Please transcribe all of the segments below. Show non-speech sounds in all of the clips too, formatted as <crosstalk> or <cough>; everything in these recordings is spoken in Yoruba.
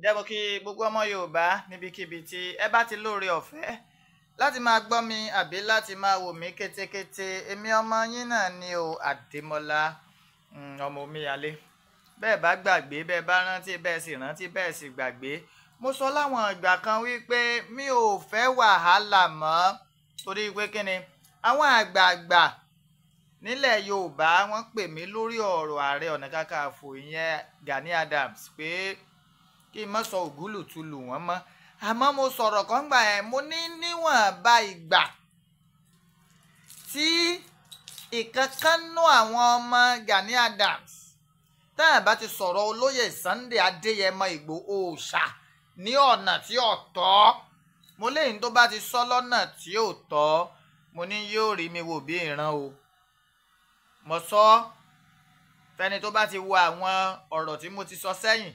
jẹ́bọ̀ kí gbogbo ọmọ Yorùbá níbikíbi tí ẹ bá ti lóore ọ̀fẹ́ láti máa gbọ́ mi àbí láti máa wò mí kétékété èmi ọmọ yín náà ni o Àdèmọ́lá hmm, ọmọ omíyalé bẹ́ẹ̀ bá gbàgbé bẹ́ẹ̀ bá rántí bẹ́ẹ̀ sì rántí bẹ́ẹ̀ sì gbàgbé mo sọ láwọn ìgbà kan wípé mi ò fẹ́ wàhálà mọ́ torí pé kí ni àwọn àgbààgbà nílẹ̀ Yorùbá wọ́n pè mí lórí ọ̀rọ̀ ààrẹ ọ̀nà kakanfò ìyẹn Gani Adams pé. Pe kí n má sọ ògúlù tu lù wọ́n mọ́ àmọ́ mo sọ̀rọ̀ kan gbà ẹ̀ mo ní níwọ̀nba ìgbà tí ìkankanú àwọn ọmọ Gani Adams tá a bá ti sọ̀rọ̀ olóyè Sunday Adéyẹmọ Ìgbòho ṣá ní ọ̀nà tí ò tọ́ mo léyìn tó bá ti sọ lọ́nà tí ò tọ́ mo ní yóò rí mi wò bí ìran o mo sọ fẹni tó bá ti wo àwọn ọ̀rọ̀ tí mo ti sọ sẹ́yìn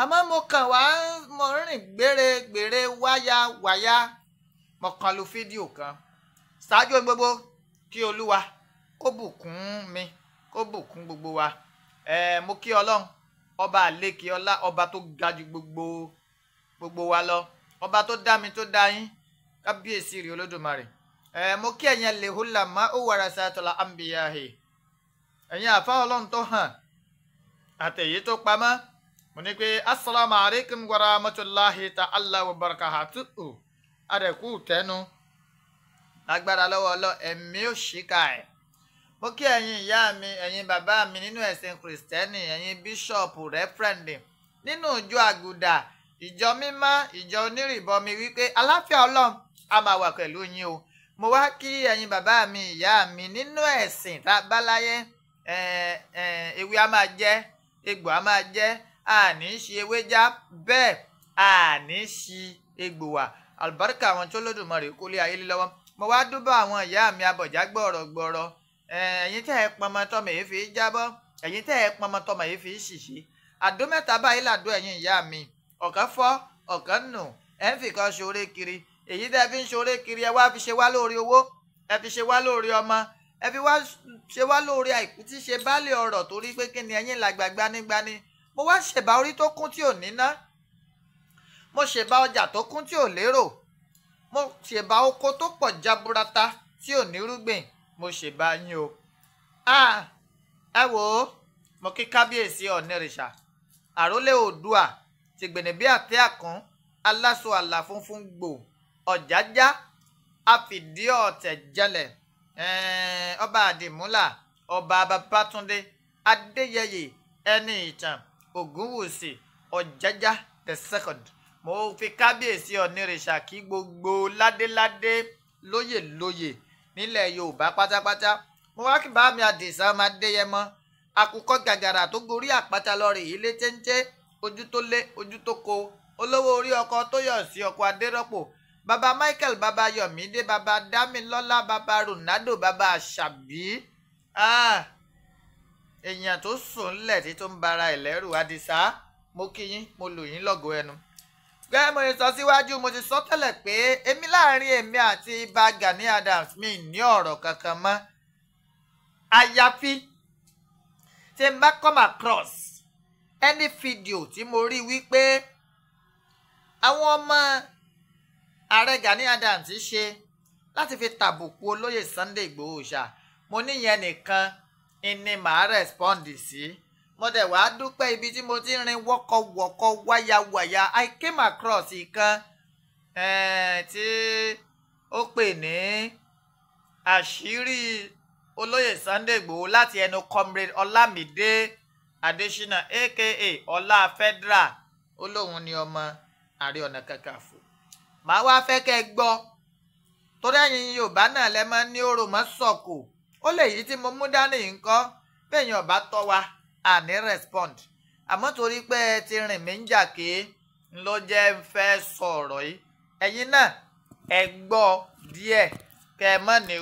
àmọ́ mo kàn wá mo rìn gbèrègbèrè wáyáwáyá mo kàn lu fídíò kan ṣáájú gbogbo kí olúwa kó bùkún mi kó bùkún gbogbo wa ẹ mo kí ọlọ́run ọba àlékè ọlá ọba tó ga gbogbo gbogbo wa lọ ọba tó dá mi tó dá yín kábíyèsí rèé olódùmarè ẹ mo kí ẹ̀yin lèhùlà má ó wàrà sàtọ̀là munekwe assalamu alaikum wa rahmatulahi ta allah wa barakatuhu adẹ̀kú tẹnu agbára lọ́wọ́ ọlọ́ ẹ̀mí ò ṣìkà ẹ̀ mo kí ẹ̀yin ìyá mi ẹ̀yin baba mi n'inu esin kristiani kìrìsìtẹ́nì ẹ̀yin bíṣọ̀pù n'inu nínú ìjọ àgùdà ìjọ mímọ́ oniribo onírìbọmi wípé alafia ọlọ́run a máa wa pẹ̀lú yín o mo wa kí ẹ̀yin baba mi ìyá mi n'inu esin tá a bá láyé ewé a máa jẹ́ egbò a máa jẹ́ àní ṣe ewéjá bẹ́ẹ̀ àní ṣe egbò wà àlùbáríkà àwọn tó lódùmarè kó lé ayé lọ́wọ́ mo wá dúbọ̀ àwọn ìyá mi abọ̀já gbọ̀rọ̀ gbọ̀rọ̀ ẹ̀yin tẹ́ ẹ pọnmọ tọmọ èyí fi jábọ́ ẹ̀yin tẹ́ ẹ pọnmọ tọmọ èyí fi ṣìṣì àdó mẹ́ta báyìí làdó ẹ̀yin ìyá mi ọ̀kan fọ́ ọ̀kan nù ẹ̀ ń fìkan ṣoore kiri èyí tẹ́ ẹ fi ń ṣoore kiri ẹ wá fi ṣe wá lórí owó ẹ fi ṣe wá lórí ọmọ ẹ fi wá ṣe wá lórí àìkú tí ṣe bá lè ọ̀rọ̀ torí pé kí ni ẹ̀yin làgbàgbanigbani mo wá ṣẹ̀bá orí tó kún tí ò níná mo ṣẹ̀bá ọjà tó kún tí ò lérò mo ṣẹ̀bá oko tó pọ̀ jaburata tí ò nírúgbìn mo ṣẹ̀bá yín o. ẹ wò ó mo kí kábíyèsí ọ̀nẹ́rìṣà àrólé oòdùà tìgbìnìbí àti àkàn aláṣọ àlà funfun gbò ọ̀jájá àfìdí ọ̀tẹ̀ jẹlẹ̀ ọba àdìmúlà ọba babatunde adéyẹyè ẹni ìtàn ògúnwùsì ọ̀jájá the second mo fi kábíyèsí ọ̀nìrìṣà kí gbogbo ládéládé lóyèlóyè nílẹ̀ yorùbá pátápátá mo wá kí bàá mi àdìsá ọmọ adéyẹmọ àkùkọ gàgàrà tó gorí àpáta lọrẹ yìí lé téńté ojú tó lé ojú tó ko olówó orí ọkọ tó yọ sí ọkọ adérọpò baba michael baba yọmídé baba Damilola baba ronaldo baba àṣàbí. Ah èèyàn tó sùn ńlẹ̀ tí tó ń bara ẹ̀lẹ́rù àdìsá mo kí yín mo lù yín lọ́gọ̀ọ́ ẹnu. gẹ́gẹ́ mo ti sọ síwájú mo ti sọ tẹ́lẹ̀ pé èmi láàrin èmi àti ibà Gani Adams mi ní ọ̀rọ̀ kankan mọ́ àyàfi tí n come across any video tí mo rí wípé àwọn ọmọ ààrẹ Gani Adams ṣe láti fi tàbùkù olóyè Sunday Igboho ṣá mo níyẹn nìkan ni màá respond sí mo dẹ̀ wá dúpẹ́ ibi tí mo ti rin wọ́kọ̀wọ́kọ̀ wáyàwáyà I came across ìkan eh, tí ó pè ní àṣírí olóyè Sunday Igboho láti ẹnu comrade Ọlámídé Adésínà aka Ọlá Federal ó lóun ni ọmọ Ààrẹ Ọ̀nà Kakanfò màá wá fẹ́ kẹ́ gbọ́ torí ẹ̀yin Yorùbá náà lẹ́ mọ́ ní òròmọ́sọ̀kò. So ó lè yí tí mo mú dání nǹkan ọba tọ́ wa àní respond àmọ́ torí ti rìn mí ń jà ké ló jẹ́ ń fẹ́ sọ̀rọ̀ yìí ẹ̀yin náà ẹ gbọ́ díẹ̀ kẹ mọ̀ ní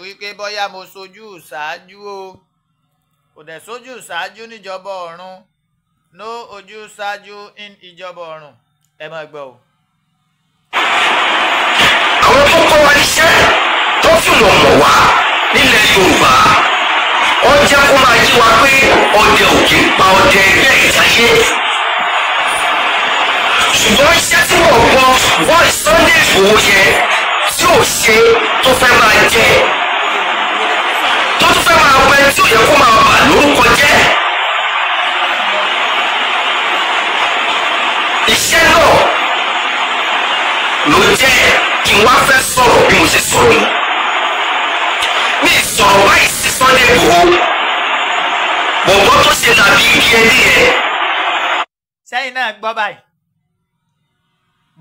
mo sojú ṣáájú o kò dẹ̀ sójú ṣáájú níjọba no ojú ṣáájú in ìjọba ọ̀run ẹ máa gbọ́ o. àwọn tó kọ́ wa níṣẹ́ tó fìlọ̀ mọ̀ wá Yorùbá. ó kó máa yí wa pé ọdẹ ò pa ọdẹ ẹgbẹ́ ìtayé. ṣùgbọ́n iṣẹ́ tí mo gbọ́ wọ́n Sunday Ìgbòho yẹn tí ò ṣe tó fẹ́ máa jẹ tó tún fẹ́ máa pẹ́ tí ò yẹ kó máa bà lórúkọ jẹ́. iṣẹ́ náà ló jẹ́ kí n wá fẹ́ sọ̀rọ̀ bí mo ṣe sọ̀rọ̀ mi. sọ̀rọ̀ láì Sunday Igboho bọ̀bọ̀ tó ṣe làbí igi ẹni yẹn. sẹ́yìn náà gbọ́ báyìí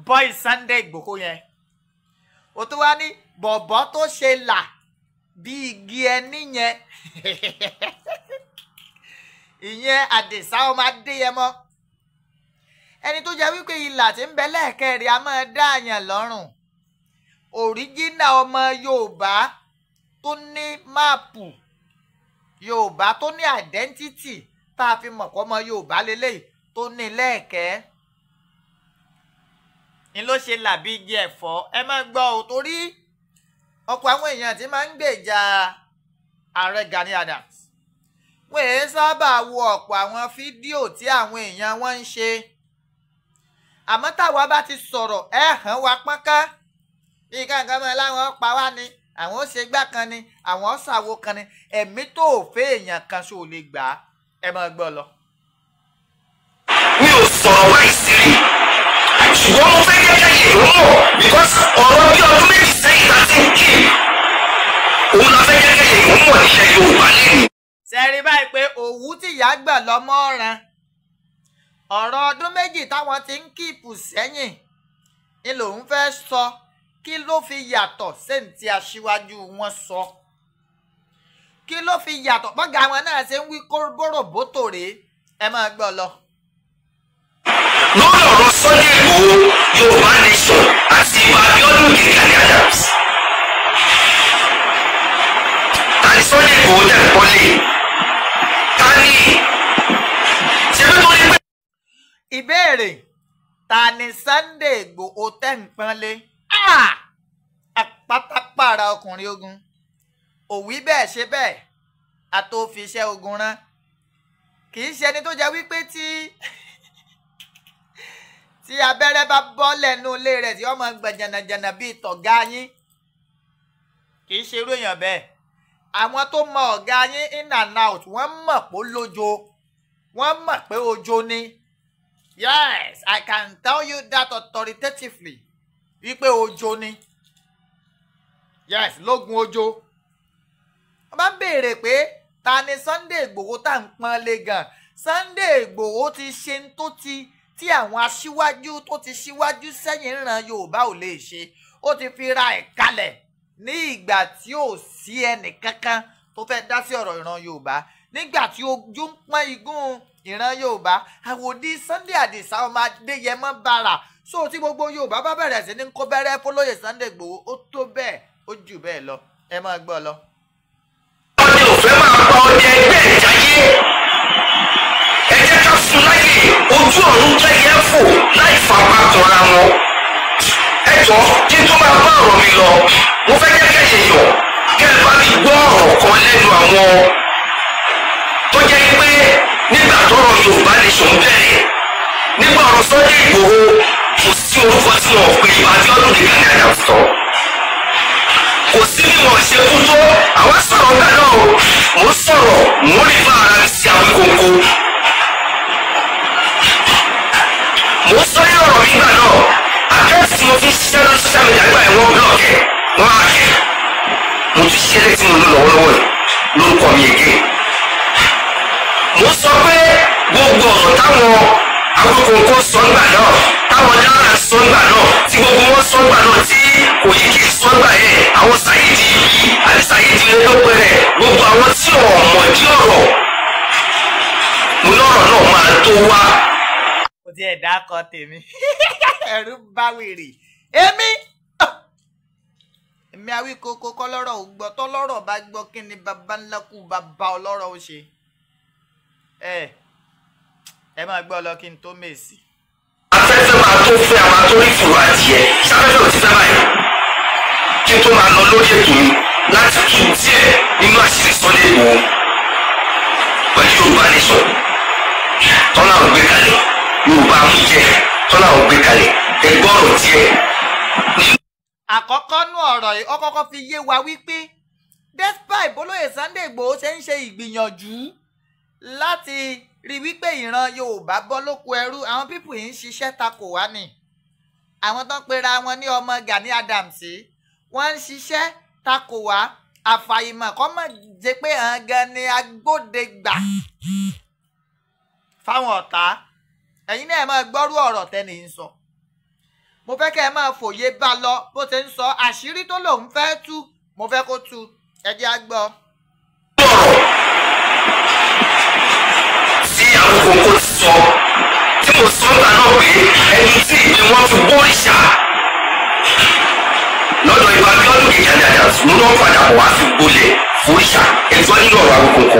boy Sunday Igboho yẹn ó tún wá ní bọ̀bọ̀ tó ṣe là bí igi ẹni yẹn <laughs> ìyẹn àdìsá ọmọ adéyẹmọ ẹni tó jẹ́ wípé ìlà tí ń bẹ lẹ́ẹ̀kẹ́rì a máa dá àyàn lọ́rùn òríjínà ọmọ yorùbá tó ní máàpù yorùbá tó ní àìdẹ́ntítì tá a fi mọ̀ kọ́ ọmọ yorùbá lélẹ́yìí tó ní lẹ́ẹ̀kẹ́ ni ló ṣe làbí igi ẹ̀fọ́ ẹ máa gbọ́ ò torí ọ̀pọ̀ àwọn èèyàn tí máa ń gbèjà ààrẹ Gani Adams wọn èé sábà wo ọ̀pọ̀ àwọn fídíò tí àwọn èèyàn wọn ń ṣe àmọ́ táwa bá ti sọ̀rọ̀ ẹ̀ hàn wá pọ́nká bí nǹkan kan mọ́ ẹ láwọn pa wá ni àwọn ṣe gbá kan ni àwọn ṣàwo kan ni ẹ̀mí tó fẹ́ èèyàn kan ṣó lè gbà á ẹ máa gbọ́ lọ. mi ò sọ̀rọ̀ láì sírí ṣùgbọ́n mo fẹ́ gẹ́gẹ́ yìí ló mọ̀ because ọ̀rọ̀ bí ọdún méjì sẹ́yìn láti ń kí òun la fẹ́ gẹ́gẹ́ yìí ló mọ̀ nílẹ̀ Yorùbá lẹ́nu. sẹ́rí báyìí pé òwú tí ìyá gbà lọ́mọ ọ̀ràn ọ̀rọ̀ ọdún méjì táwọn ti ń kíìpù sẹ́yìn ni lòun fẹ́ sọ. So kí ló fi yàtọ̀ sẹ́ǹtì aṣíwájú wọn sọ kí ló fi yàtọ̀ bọ́gà àwọn náà ṣe ń wí kóróbóró bótò rèé ẹ máa gbọ́ lọ. lórí ọ̀rọ̀ Sunday Igboho Yorùbá nation àti ìwà Abíọ́dún Gani Adams ta ni Sunday Igboho dẹ̀ ń ta ni ṣe bí torí pé. ìbéèrè ta ni Sunday Igboho tẹ̀ ń pọ́nlé àpátápàrà ah! ọkùnrin ogun òwí bẹ́ẹ̀ ṣe bẹ́ẹ̀ àtòfiṣẹ́ ogun rán kì í ṣe ẹni tó jẹ́ wípé tí tí abẹ́rẹ́ bá bọ́ lẹ́nu ilé rẹ̀ tí ọmọ gbọ̀n jànàjànà bíi tọ̀gá yín kì í ṣe irú èèyàn bẹ́ẹ̀ àwọn tó mọ ọ̀gá yín in and out wọ́n mọ̀ pé lójo wọ́n mọ̀ pé ojo ni yes I can tell you that authoritatively wípé ojo ni yes lógun ojo wọ́n bá ń béèrè pé ta ni Sunday Ìgbòho tá à ń pọ́n lé gan Sunday Ìgbòho ti ṣe ń tó ti tí àwọn aṣíwájú tó ti ṣíwájú sẹ́yìn ń ran Yorùbá ò lè ṣe ó ti fi ra ẹ̀ kalẹ̀ ní ìgbà tí ò sí ẹnì kankan tó fẹ́ dá sí ọ̀rọ̀ ìran Yorùbá nígbà tí ojú ń pọ́n igún ìran Yorùbá àwòdì Sunday Àdìsá ọmọ Adéyẹmọ bàrà so tí gbogbo Yorùbá bá bẹ̀rẹ̀ sí ní kó bẹ̀rẹ̀ fọlọ́yè Sunday Igboho ó tó bẹ́ẹ̀ ó jù bẹ́ẹ̀ lọ ẹ máa gbọ́ lọ. ọ̀rẹ́ òfẹ́ máa gba ọdẹ ẹgbẹ́ ìjáyé ẹ jẹ́ ká fún láyè ojú ọ̀run jẹ́yẹ fò láì fapá tanra wọn. ẹ jọ kí n tó máa bá ọ̀rọ̀ mi lọ mo fẹ́ jẹ́ kẹ́yìn yọ̀ kẹ́ ẹ bá mi gbọ́ ọ̀rọ̀ kan lẹ́nu àwọn tó jẹ́ pé nígbà tọ́rọ̀ Yorùbá nation bẹ̀rẹ̀ nígbà tí orúkọ tí wọn pe Abíọ́dún nìkan ní àjàsọ kò sí ní wọn ṣe kú tó àwọn sọ̀rọ̀ ọgbà náà o mo sọ̀rọ̀ mo rí bá ara mi sí àwọn kókó mo sọ ní ọ̀rọ̀ mi gbà náà àkẹ́sì mo fi ṣiṣẹ́ lórí social media gbà ẹ̀wọ̀n blọọkì wọn á kẹ́ mo ti ṣiṣẹ́ létí mo lọ lọ́wọ́lọ́wọ́ lórúkọ mi èké mo sọ pé gbogbo ọ̀rọ̀ táwọn àwọn kòkó sọ́ngbà náà táwọn náírà sọ́ngbà náà tí gbogbo wọn sọ́ngbà náà tí kò yí kí sọ́ngbà yẹn àwọn sáyidi yìí àti sáyidi rẹ ló pẹrẹ gbogbo àwọn tí ọ̀mọ̀ dí ọ̀rọ̀ lọ́rọ̀ náà máa tó wá. kò tí ẹ̀ dákọ̀ tèmi <laughs> ẹ̀rù bá wèrè èmi èmi àwí kókó kọ́ lọ́rọ̀ ò gbọ́ tọ́lọ́rọ̀ bá gbọ́ kí ni baba ńlá kú baba ọlọ́rọ̀ ó ṣe. Eh ẹ máa gbọ́ lọ kí n tó mèsì. afẹ́fẹ́ máa tó fẹ́ àwọn atórífù adìẹ sáfẹ́fẹ́ ò ti fẹ́ báyìí kí n tó máa lọ lórí ètò mi láti tú díẹ̀ nínú àṣírí Sunday Igboho pẹ̀lú Yorùbá nation tọ́lá ò gbé kalẹ̀ Yorùbá amújẹ tọ́lá ò gbé kalẹ̀ ẹgbọ́n ọ̀rọ̀ díẹ̀. àkọ́kọ́ nú ọ̀rọ̀ yìí ó kọ́kọ́ fi yé wa wípé despite bólóyè Sunday Igboho ṣe ń ṣe ìgbìyànjú láti rí wípé ìran Yorùbá bọ́ lóko ẹrú àwọn pípù yìí ń ṣiṣẹ́ takò wá ni àwọn tó ń pera wọn ní ọmọ Gani Adams wọ́n ń ṣiṣẹ́ takò wá àfàìmọ̀ kọ́ mọ̀ jẹ́ pé hàn gan ni agbódegbà fáwọn ọ̀tá ẹ̀yin náà ẹ̀ máa gbọ́rú ọ̀rọ̀ tẹ́ni ń sọ mo fẹ́ kẹ́ ẹ máa fòye bá lọ bó ṣe ń sọ àṣírí tó lòun fẹ́ tú mo fẹ́ kó tú ẹ jẹ́ á àkókò kó sọ tí mo sọ ń ta náà pé ẹni tí ìdí wọn fi bọ́ ìṣà lọ́dọ̀ ìwà Abíọ́dún Gani Adams ló lọ́ padà wá fi gbolẹ̀ fún ìṣà ẹjọ́ nílò ọ̀rọ̀ àkókò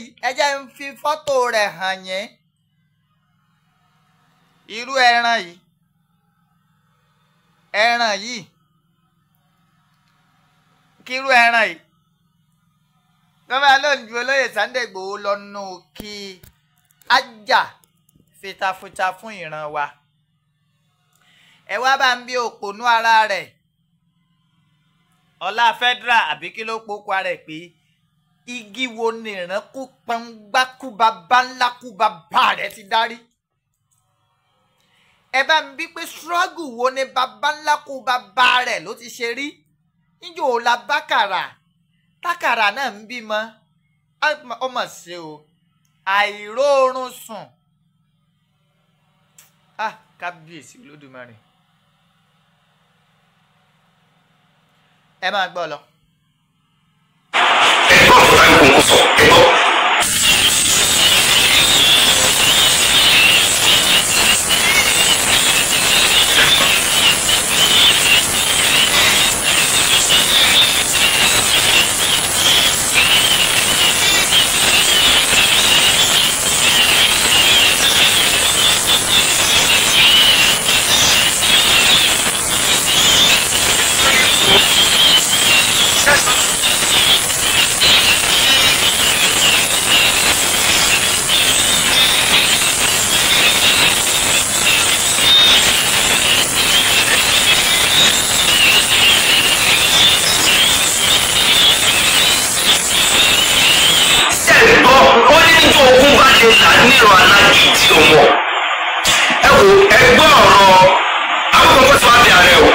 yìí ẹ jẹ́ ń fi fọ́tò rẹ̀ hàn yín irú ẹran yìí ẹran yìí kírú ẹran yìí gọ́mọ̀ alóòjú olóyè Sunday Igboho lọ́nù kí ájà fitafuta fún ìran wa ẹ wá bá ń bí òpònú ara rẹ̀ ọlá federal àbí kí ló pokùn ara ẹ̀ pé igi wo ni ìránkú pangbákúba báńlákúba bá rẹ ti darí ẹ bá mi bí pé struggle wo ni bàbá ńlákúba bá rẹ ló ti ṣe rí níjó o la bákàrà tákàrà náà ń bímọ ọmọ ṣe o àìróorun sùn ah kábíyèsí olódùmarè ẹ máa gbọ́ lọ. Oh. tó mọ̀ ẹ wo ẹgbẹ́ ọ̀rọ̀ àwọn kan ti wá bí ààrẹ o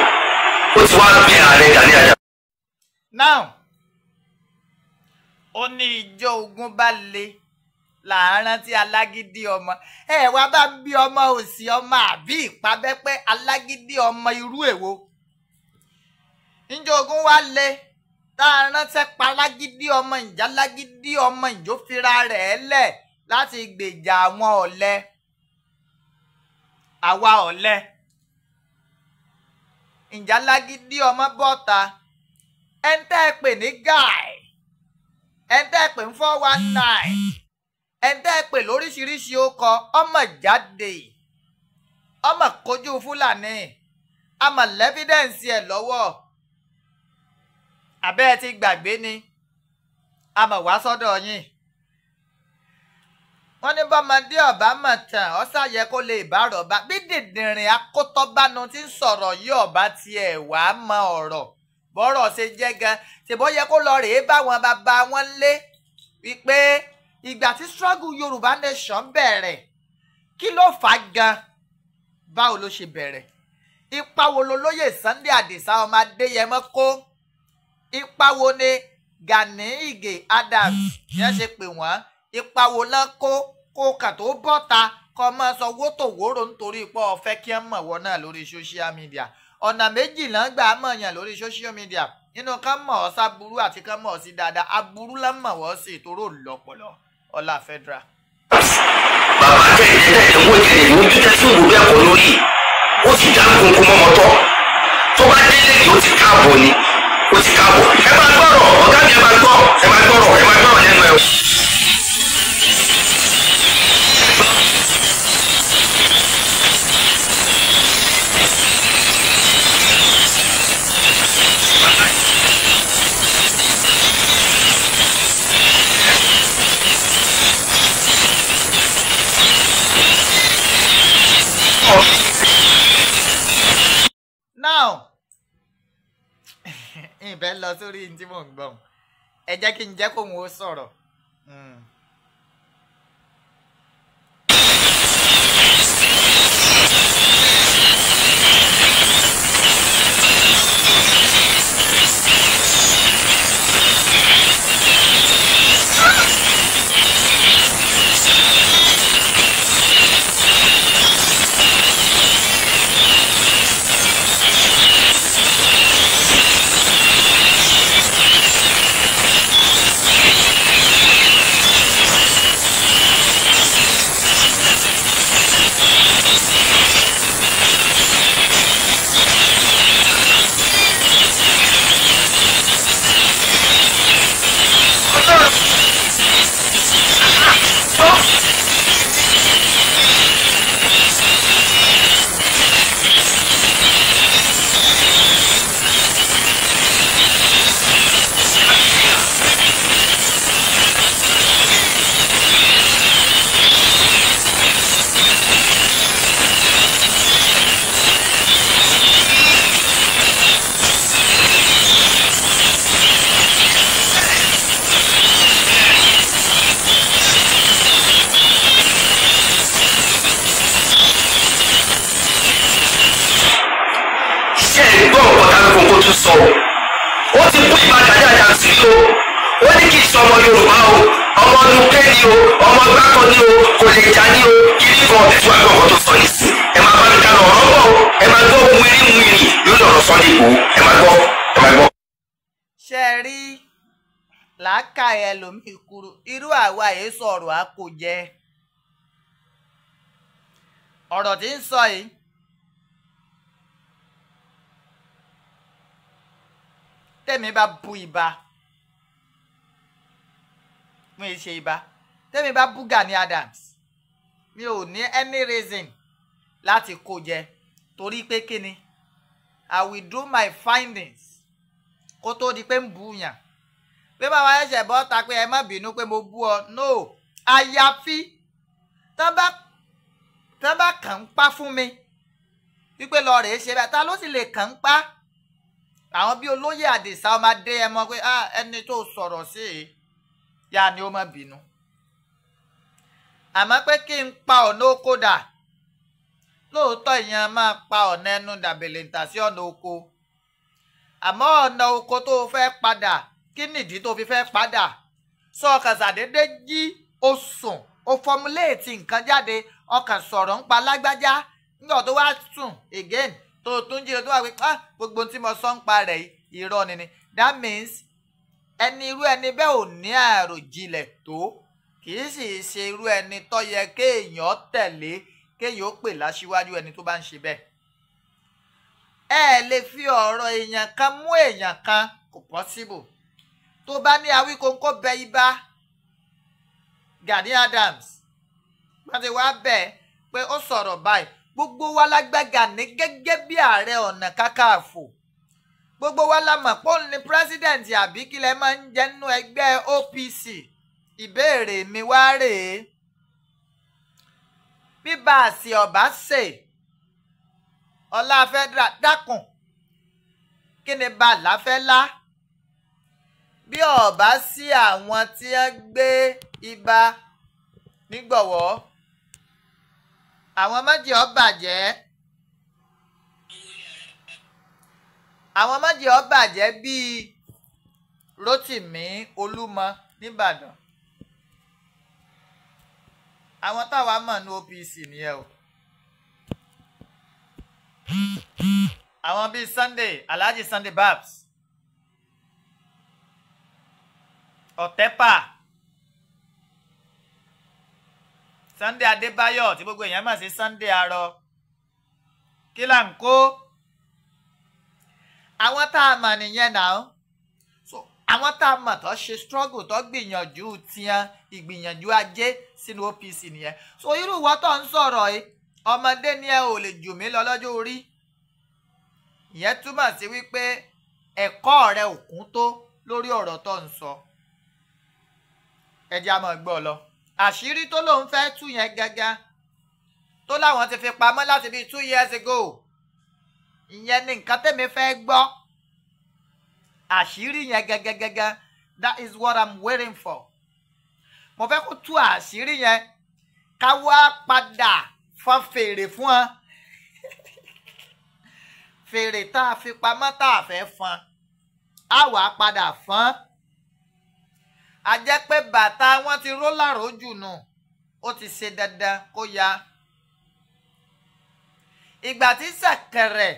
ó ti wá bí ààrẹ Gani Adams. now ó ní ìjọ ogun bá le làárán tí alágídí ọmọ ẹ wá bá bí ọmọ òsì ọmọ àbí ìpabẹ́pẹ́ alágídí ọmọ irú èwo ìjọ ogun wá le tá a ránṣẹ́ pa alágídí ọmọ ìjà alágídí ọmọ ìjó fira rẹ̀ lẹ̀ láti gbèjà àwọn ọ̀lẹ àwa ọ̀lẹ ǹjà ọmọ bọ́ta ẹni tẹ́ ẹ pè ní guy ẹni tẹ́ ẹ pè ní four one nine ẹni tẹ́ ẹ pè lóríṣiríṣi ọkọ ọmọ jáde ọmọ kojú fúlàní ti gbàgbé ni àmọ̀ wá sọ́dọ̀ yín. wọ́n ní bọ́mọdé ọ̀bá mọ̀ tán ọ̀sàyẹ kó lè bárọ̀ bá bí dìndìnrín akótọ́bánu ti ń sọ̀rọ̀ yí ọ̀bá tiẹ̀ wá mọ ọ̀rọ̀ bọ́rọ̀ ṣe jẹ́ gan ṣèbọ́ yẹ kó lọ rèé bá wọn bàbá wọn lé wípé ìgbà tí struggle Yorùbá nation bẹ̀rẹ̀ kí ló fà á gan báwo ló ṣe bẹ̀rẹ̀ ipa wo ló lóye Sunday Adisa ọmọ Adéyẹmọ kó ipa wo ni Gani Ige Adams yẹn ṣe pè wọ́n ipa wo lọ́n kó kó kà tó bọ́ta kọ́ mọ́ sọ wótòwóró nítorí pé ọ̀fẹ́ kí ẹ mọ̀ wọ́n náà lórí social media ọ̀nà méjì là ń gbà mọ̀yàn lórí social media nínú kan mọ̀ ọ́ sáburú àti kan mọ̀ ọ́ sí dáadáa aburú là ń mọ̀ wọ́n sí ìtòrò lọ́pọ̀lọ́ ọlá federal. bàbá tẹ̀lé tẹ̀lé wọ́n ti lè mójú tẹ́ sí òwúrọ̀ ẹ̀kọ́ lórí ó ti dá kunkun mọ́mọ́tọ́ tó bá délé yìí ó ti káàbọ̀ ni ó ti káàbọ̀ ẹ máa gbọ́rọ̀ ọ̀gá mi ẹ máa gbọ́ ẹ máa gbọ́rọ̀ ẹ máa gbọ́rọ̀ lẹ́nu ẹ̀ ìbẹ́ lọ sórí ní tí mò ń gbọ̀n ẹ jẹ́ kí n jẹ́ kóun tẹ́mi bá bú ibà mo yìí ṣe ibà tẹ́mi bá bú Gani Adams mi ò ní any reason láti kó jẹ torí pé kí I will do my findings kó tó di pé ń bú yàn pé bàbá ẹ̀ṣẹ̀ bọ́ ta pé ẹ má bínú pé mo bú ọ no àyàfi tán bá tán bá kàn ń pa fún mi wípé lọ rèé ṣe bẹ́ẹ̀ ta ló sì lè kàn ń pa àwọn bí olóyè àdìsá ọmọ adé ẹ mọ̀ pé ẹni tó sọ̀rọ̀ sí i yá ni ó má bínú àmọ́ pé kí n pa ọ̀nà oko dà lóòótọ́ ìyẹn máa pa ọ̀nà ẹnu dàbèlè ń tà sí ọ̀nà oko àmọ́ ọ̀nà oko tó fẹ́ padà kí nìdí tó fi fẹ́ padà sọ ọkàn ṣàdédé jí o sùn o fọmúléètì nǹkan jáde ọkàn sọ̀rọ̀ ń pa lágbájá nígbà tó wá sùn again tó tún jí tó wà pé ah gbogbo tí mo sọ ń pa rẹ̀ irọ́ ni ni that means ẹni irú ẹni bẹ́ẹ̀ ò ní àròjinlẹ̀ tó kì í sì ṣe irú ẹni tó yẹ kéèyàn tẹ̀lé kéèyàn ó pè láṣíwájú ẹni tó bá ń ṣe bẹ́ẹ̀ ẹ lè fi ọ̀rọ̀ èèyàn kan mú èèyàn kan kò possible tó bá ní Awíkóńkó bẹ ibà Gani Adams wọ́n ti wá bẹ̀ pé ó sọ̀rọ̀ báyìí gbogbo wa la gba Gani gẹ́gẹ́ bí ààrẹ ọ̀nà kakanfò gbogbo wa la mọ̀ pé òun ni president àbí kí lẹ máa ń jẹ́ nínú ẹgbẹ́ OPC ìbéèrè mi wá rèé bíbá àsì ọ̀bá ṣe ọlá fẹ́dra dákùn kí ni bàlá fẹ́ lá bí ọ̀bá sí àwọn tí wọ́n gbé ibà nígbọ̀wọ́ àwọn méjì ọ bàjẹ́ àwọn méjì ọ bàjẹ́ bíi Rótìmí Olúmọ nìbàdàn àwọn táwa mọ̀ ní OPC nìyẹn o àwọn bíi Sunday Alhaji Sunday Babs Ọ̀tẹ́pà. Sunday Adébáyọ̀ tí gbogbo èèyàn mọ̀ sí Sunday arọ kí là ń kó àwọn tá a mọ̀ nìyẹn náà so àwọn tá a mọ̀ tó ṣe struggle tó gbìyànjú tiẹn ìgbìyànjú ajé sínú OPC nìyẹn so irú ìwọ tó ń sọ̀rọ̀ yìí ọmọdé ni ẹ ò lè jù mí lọ lọ́jọ́ orí ìyẹn túmọ̀ sí wípé ẹ̀kọ́ rẹ ò kún tó lórí ọ̀rọ̀ tó ń sọ ẹ jẹ́ a gbọ́ lọ àṣírí tó lóun fẹ́ tú yẹn gangan tó láwọn ti fi pamọ́ láti bíi two years ago ìyẹn ni nǹkan tẹ̀mí fẹ́ gbọ́ àṣírí yẹn gangan that is what i'm waiting for mo fẹ́ kó tú àṣírí yẹn ká wá padà fọn fèrè fún ọ fèrè tá a fi pamọ́ tá a fẹ́ fọn á wàá padà fọn a jẹ́ pé bàtà wọn ti ró làrójù nù ó ti ṣe dandan kó ya ìgbà tí ṣẹ̀kẹ̀rẹ̀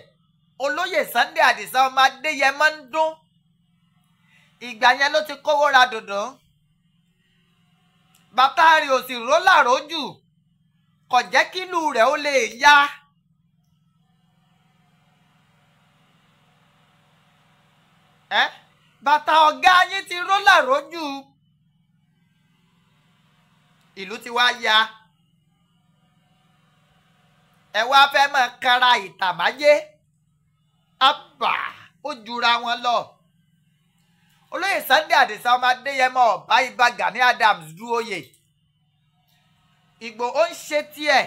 olóyè Sunday Àdìsá ọmọ Adéyẹmọ ń dún ìgbà yẹn ló ti kówó ra dòdò bàtà rẹ̀ ò sì ró làrójù kò jẹ́ kílù rẹ̀ ó lè ya. bàtà ọ̀gá yín ti ró làrójù ìlú ti wá ya ẹ wá fẹ́ mọ̀ kara ìtàmáyé àbà ó jura wọn lọ olóyè Sunday Adisa ọmọ Adéyẹmọ ọba Ìbà Gani Adams dúró yè Ìgbòho ń ṣe tiẹ̀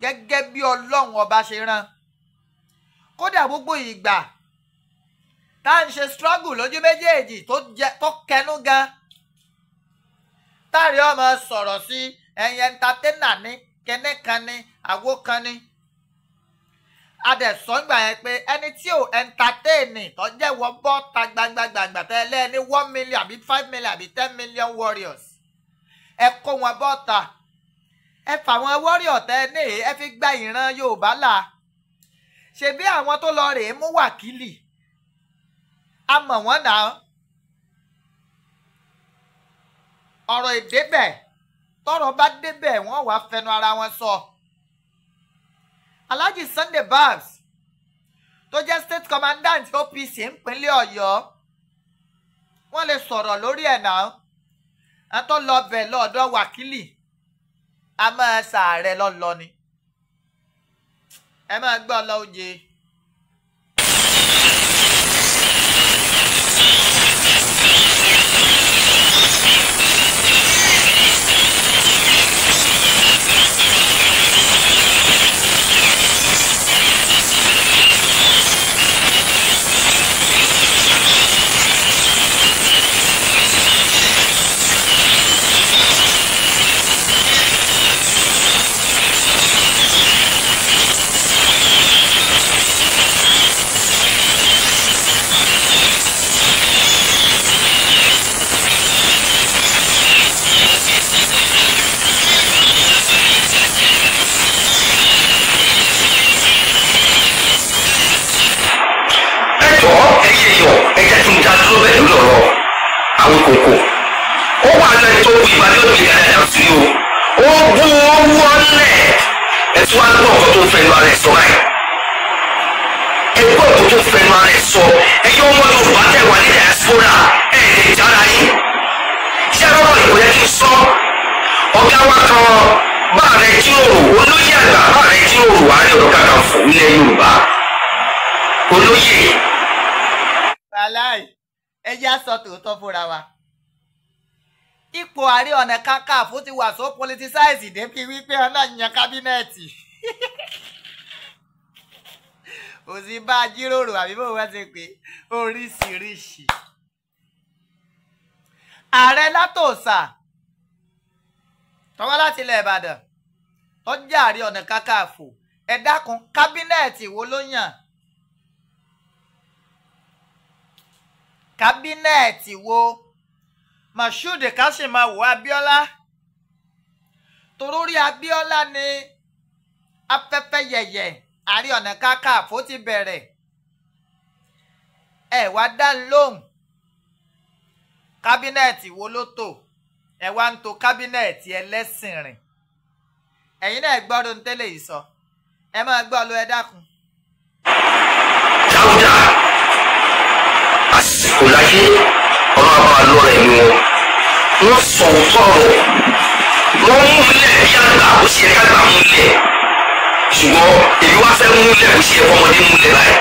gẹ́gẹ́ bí Ọlọ́run ọba ṣe rán kódà gbogbo ìgbà tá à ń ṣe struggle lójú méjèèjì tó kẹnu gan-an táàrí ọmọ sọ̀rọ̀ sí ẹ̀yin ẹ̀ńtátẹ́nà ní kẹ́ní kan ní àwo kan ní. adẹ̀sọ́ngbà yẹn pé ẹni tí ò ẹ̀ńtátẹ́ẹ̀nì tó jẹ́ wọ bọ́ta gbangba tẹ́lẹ̀ ní one million àbí five million àbí ten million warriors ẹ kó wọn bọ́ta ẹ fà wọn warrior tẹ́ ní ẹ fi gba ìran Yorùbá là ṣebí àwọn tó lọ rèé mú wákìlì a mọ̀ wọ́n náà ọ̀rọ̀ ìdébẹ̀ tọ́rọ̀ bá débẹ̀ wọ́n wàá fẹnu ara wọn sọ. Alhaji Sunday Babs tó jẹ́ state commandant OPC ńpínlẹ̀ Ọ̀yọ́ wọ́n lè sọ̀rọ̀ lórí ẹ̀ náà a tó lọ bẹ̀ lọ́dọ̀ wákìlì a máa ṣàárẹ̀ lọ́lọ́ ni ẹ máa gbọ́ ọ lọ́ọ́ yẹ. ó wà lọ ètò ìgbàlódé òkè ẹ̀dá sí o ó bú owó ọlẹ̀ ẹ̀tú wá gbọ́ ọ̀kan tó fẹ́ lọ́rẹ̀ sọ báyìí ẹgbẹ́ ọ̀kan tó fẹ́ lọ́rẹ̀ sọ ẹ̀yọ́ ọmọ Yorùbá tẹ̀ wà ní diaspora ẹ̀ lè jára yín iṣẹ́ lọ́rọ̀ ìpínlẹ̀ kí n sọ ọ̀gá wa kan bá rẹ̀ jíròrò olóyè àgbà bá rẹ̀ jíròrò Ààrẹ Ọ̀nà Kakanfò ilẹ̀ Yorùbá olóyè. bàláì ẹ jẹ́ àsọtòótọ́ fúnra wa. ipò ààrẹ ọ̀nà kakanfò ti wà so politicize débi wípé ọ̀nà yan kábínẹ̀tì ó sì bá a jíròrò àbí bó wá ṣe pé oríṣiríṣi. ààrẹ látòsà tọ́wọ́ láti ilẹ̀ ìbàdàn tó jẹ́ ààrẹ ọ̀nà kakanfò ẹ dákun kábínẹ̀tì wo ló yàn. kábínẹ̀tì wo. Mashood Kashimawo Abiola torórí Abiola ni afẹ́fẹ́ yẹ̀yẹ̀ Ààrẹ Ọ̀nà Kakanfò ti bẹ̀rẹ̀ ẹ wá dá lóhùn kábínẹ̀tì wo ló tò ẹ wá ń to kábínẹ̀tì ẹlẹ́sìn rìn ẹ̀yin náà gbọ́dọ̀ ń tẹ́lẹ̀ yìí sọ ẹ máa gbọ́ lọ ẹ dákun. jáwọ́dà àsìkò láyé ọlọ́run bá lọ́ra ẹ̀mí wọn sọ̀rọ̀ sọ̀rọ̀ wọ́n mú ilẹ̀ bí àgbà kò sí ẹ̀ka gbà mú ilẹ̀ ṣùgbọ́n èmi wá fẹ́ mú ilẹ̀ kò sí ẹ̀kọ́ ọmọdé mú ilẹ̀ báyìí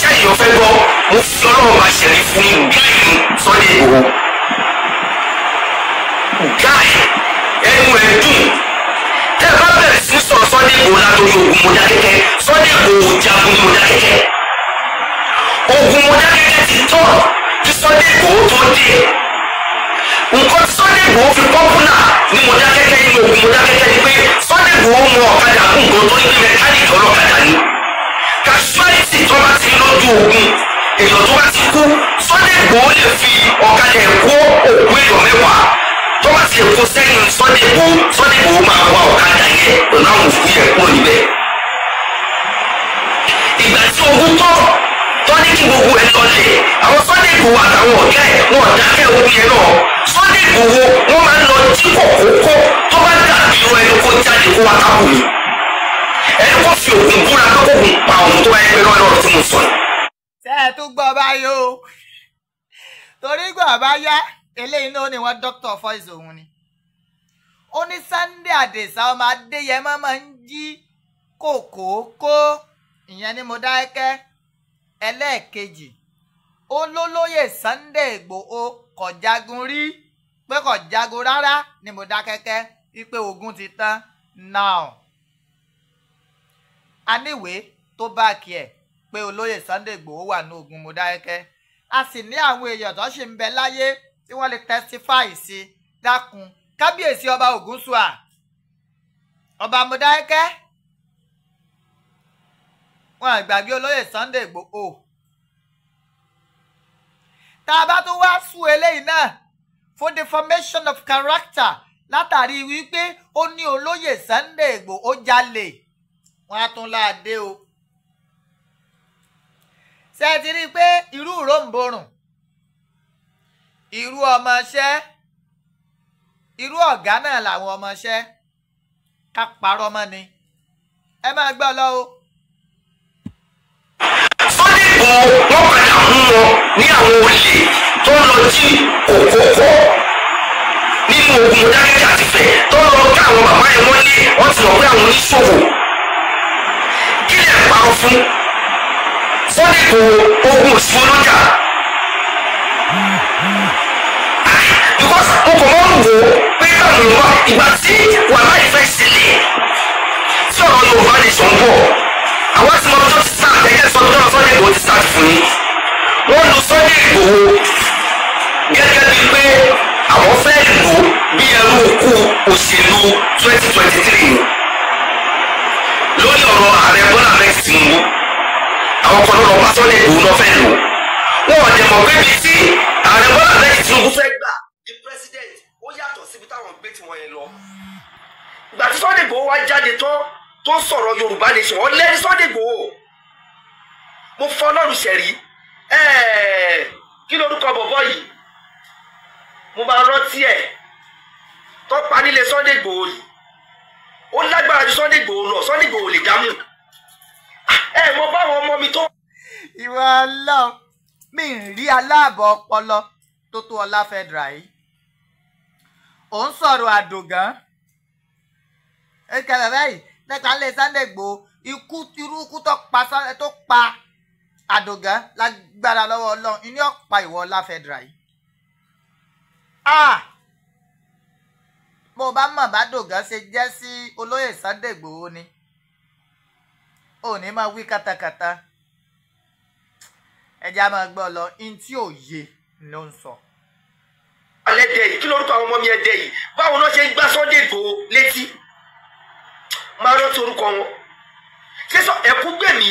ṣé èèyàn fẹ́ gbọ́ mo fi ọlọ́run bá ṣẹ̀rí fún gáì Sunday Igboho gáì ẹnu ẹ̀ dùn tẹ́ bá bẹ̀rẹ̀ sí sọ̀rọ̀ Sunday Igboho látòrí ogun Modákẹ́kẹ́ Sunday Igboho jagun Ìgbòho tó dé nǹkan tí Sunday fi pọ́pùnà ni mo dákẹ́kẹ́ ní ogun mo dákẹ́kẹ́ ní pé Sunday Igboho mọ ọ̀kadà kún nǹkan tó ní pé mẹkáníìkì ni casualty tó ti lójú ogun èèyàn tó ti kú Sunday Igboho lè fi ọ̀kadà ẹ̀kọ́ òkú èèyàn mẹ́wàá tó ti kú sẹ́yìn Sunday Igboho Sunday Igboho máa wá ọ̀kadà yẹn pẹ̀lú àwọn òkú níbẹ̀ ìgbà tí ogun tọ́ tó ní kí gbogbo ẹ lọ lẹ̀ àwọn Sunday Igboho àtàwọn ọ̀gá ẹ̀ wọn dákẹ́ omi ẹ náà Sunday Igboho wọn máa ń lọ tí kọ̀kọ́kọ́ tó bá dàbí irun ẹni kó jáde kó wá kábù mi ẹni kó fi òògùn búra kó kò pa òun tó bá yẹ pé lọ́dọ̀ tí mo sọ. tẹ́ ẹ tún gbọ́ báyìí o torí gbọ́ bá yá eléyìí náà ni wọ́n dókítà fọ́ìsì òun ni ó ní Sunday Adesa ọmọ Adéyẹmọ máa ń jí kòkó kó ìyẹn ni mo dákẹ́ ẹlẹ́ẹ̀kejì olólóyè Sunday Ìgbòho kò jagun rí pé kò jagun rárá ni mo dákẹ́kẹ́ wípé ogun ti tán now aníwèé tó bá kí ẹ pé olóyè Sunday Ìgbòho wà ní ogun mo dákẹ́kẹ́ a sì ní àwọn èèyàn tó ṣì ń bẹ láyé tí wọ́n lè testify sí dákun kábíyèsí ọba Ògúnṣùà ọba mo dákẹ́kẹ́. wọn àgbàgbé olóyè Sunday Igboho tá a bá tún wá sùn eléyìí náà for deformation of character látàrí wípé ó ní olóyè Sunday Igboho jalè wọn á tún láàdé o ṣe ti rí i pé irú ìròǹborùn irú ọmọọṣẹ́ irú ọ̀gá náà làwọn ọmọọṣẹ́ ká parọ́ mọ́ ni ẹ máa gbọ́ lọ́wọ́ wọ́n padà wọn ní àwọn olè tó lọ jí kòkókó nínú ogun dáríjà ti fẹ̀ tó lọ ká àwọn bàbá yẹn wọ́n lé wọ́n ti lọ pé àwọn oníṣòwò kí lè parọ́ fún fọ́nìkù ogun òsì olójà mo kàn máa wò ó pé báwo ni ìgbà tí wàhálà ìfẹ́ sílẹ̀ tí ọ̀rọ̀ Yorùbá nation bọ̀ àwọn àti mọ́tò dé sọdọ́ Sunday Igboho ti start fún yín wọ́n lu Sunday Igboho gẹ́gẹ́ bíi pé àwọn fẹ́ lò bí ẹrú kú òṣèlú twenty twenty three lórí ọ̀rọ̀ ààrẹ Bọ́lá Ahmed Tinubu àwọn kan lọ bá Sunday Igboho lọ fẹ́ lò wọn ò dẹ̀ mọ̀ pé bíi tí ààrẹ Bọ́lá Ahmed Tinubu fẹ́ gbà di president ó yàtọ̀ síbi táwọn gbé tiwọn yẹn lọ ìgbà tí Sunday Igboho wá jáde tán tó ń sọ̀rọ̀ Yorùbá nation ó lẹ́ni Sunday Igboho mo fọlọ́run ṣẹ̀rí kí lorúkọ bọ̀bọ̀ yìí mo máa rántí ẹ̀ tó pa nílé Sunday Igboho yìí ó lágbára ju Sunday Igboho lọ Sunday Igboho lè dámú ẹ mo bá àwọn ọmọ mi tó. ìwà lọ mi ń rí aláàbọ̀ ọpọlọ tó tó ọlá fẹ́ dra yìí ò ń sọ̀rọ̀ àdògán ẹ kẹlẹ̀ báyìí nípa ilé Sunday Igboho ikú irú ikú tó pa àdògá lágbára lọ́wọ́ ọlọ́run iní ọ̀pá ìwọ láfẹ̀dra yìí. bó o bá mọ̀ bá dògá ṣe jẹ́ sí olóyè Sunday Igboho ni ò ní máa wí kàtàkàtà ẹja máa gbọ́ lọ in tí ò yé ló ń sọ. alẹ́ dẹ yìí kí lórúkọ àwọn ọmọ mi ẹ dẹ yìí báwo ló ṣe ń gbá Sunday Igboho létí máa rántí orúkọ wọn ṣé sọ ẹkú gbẹ̀mí.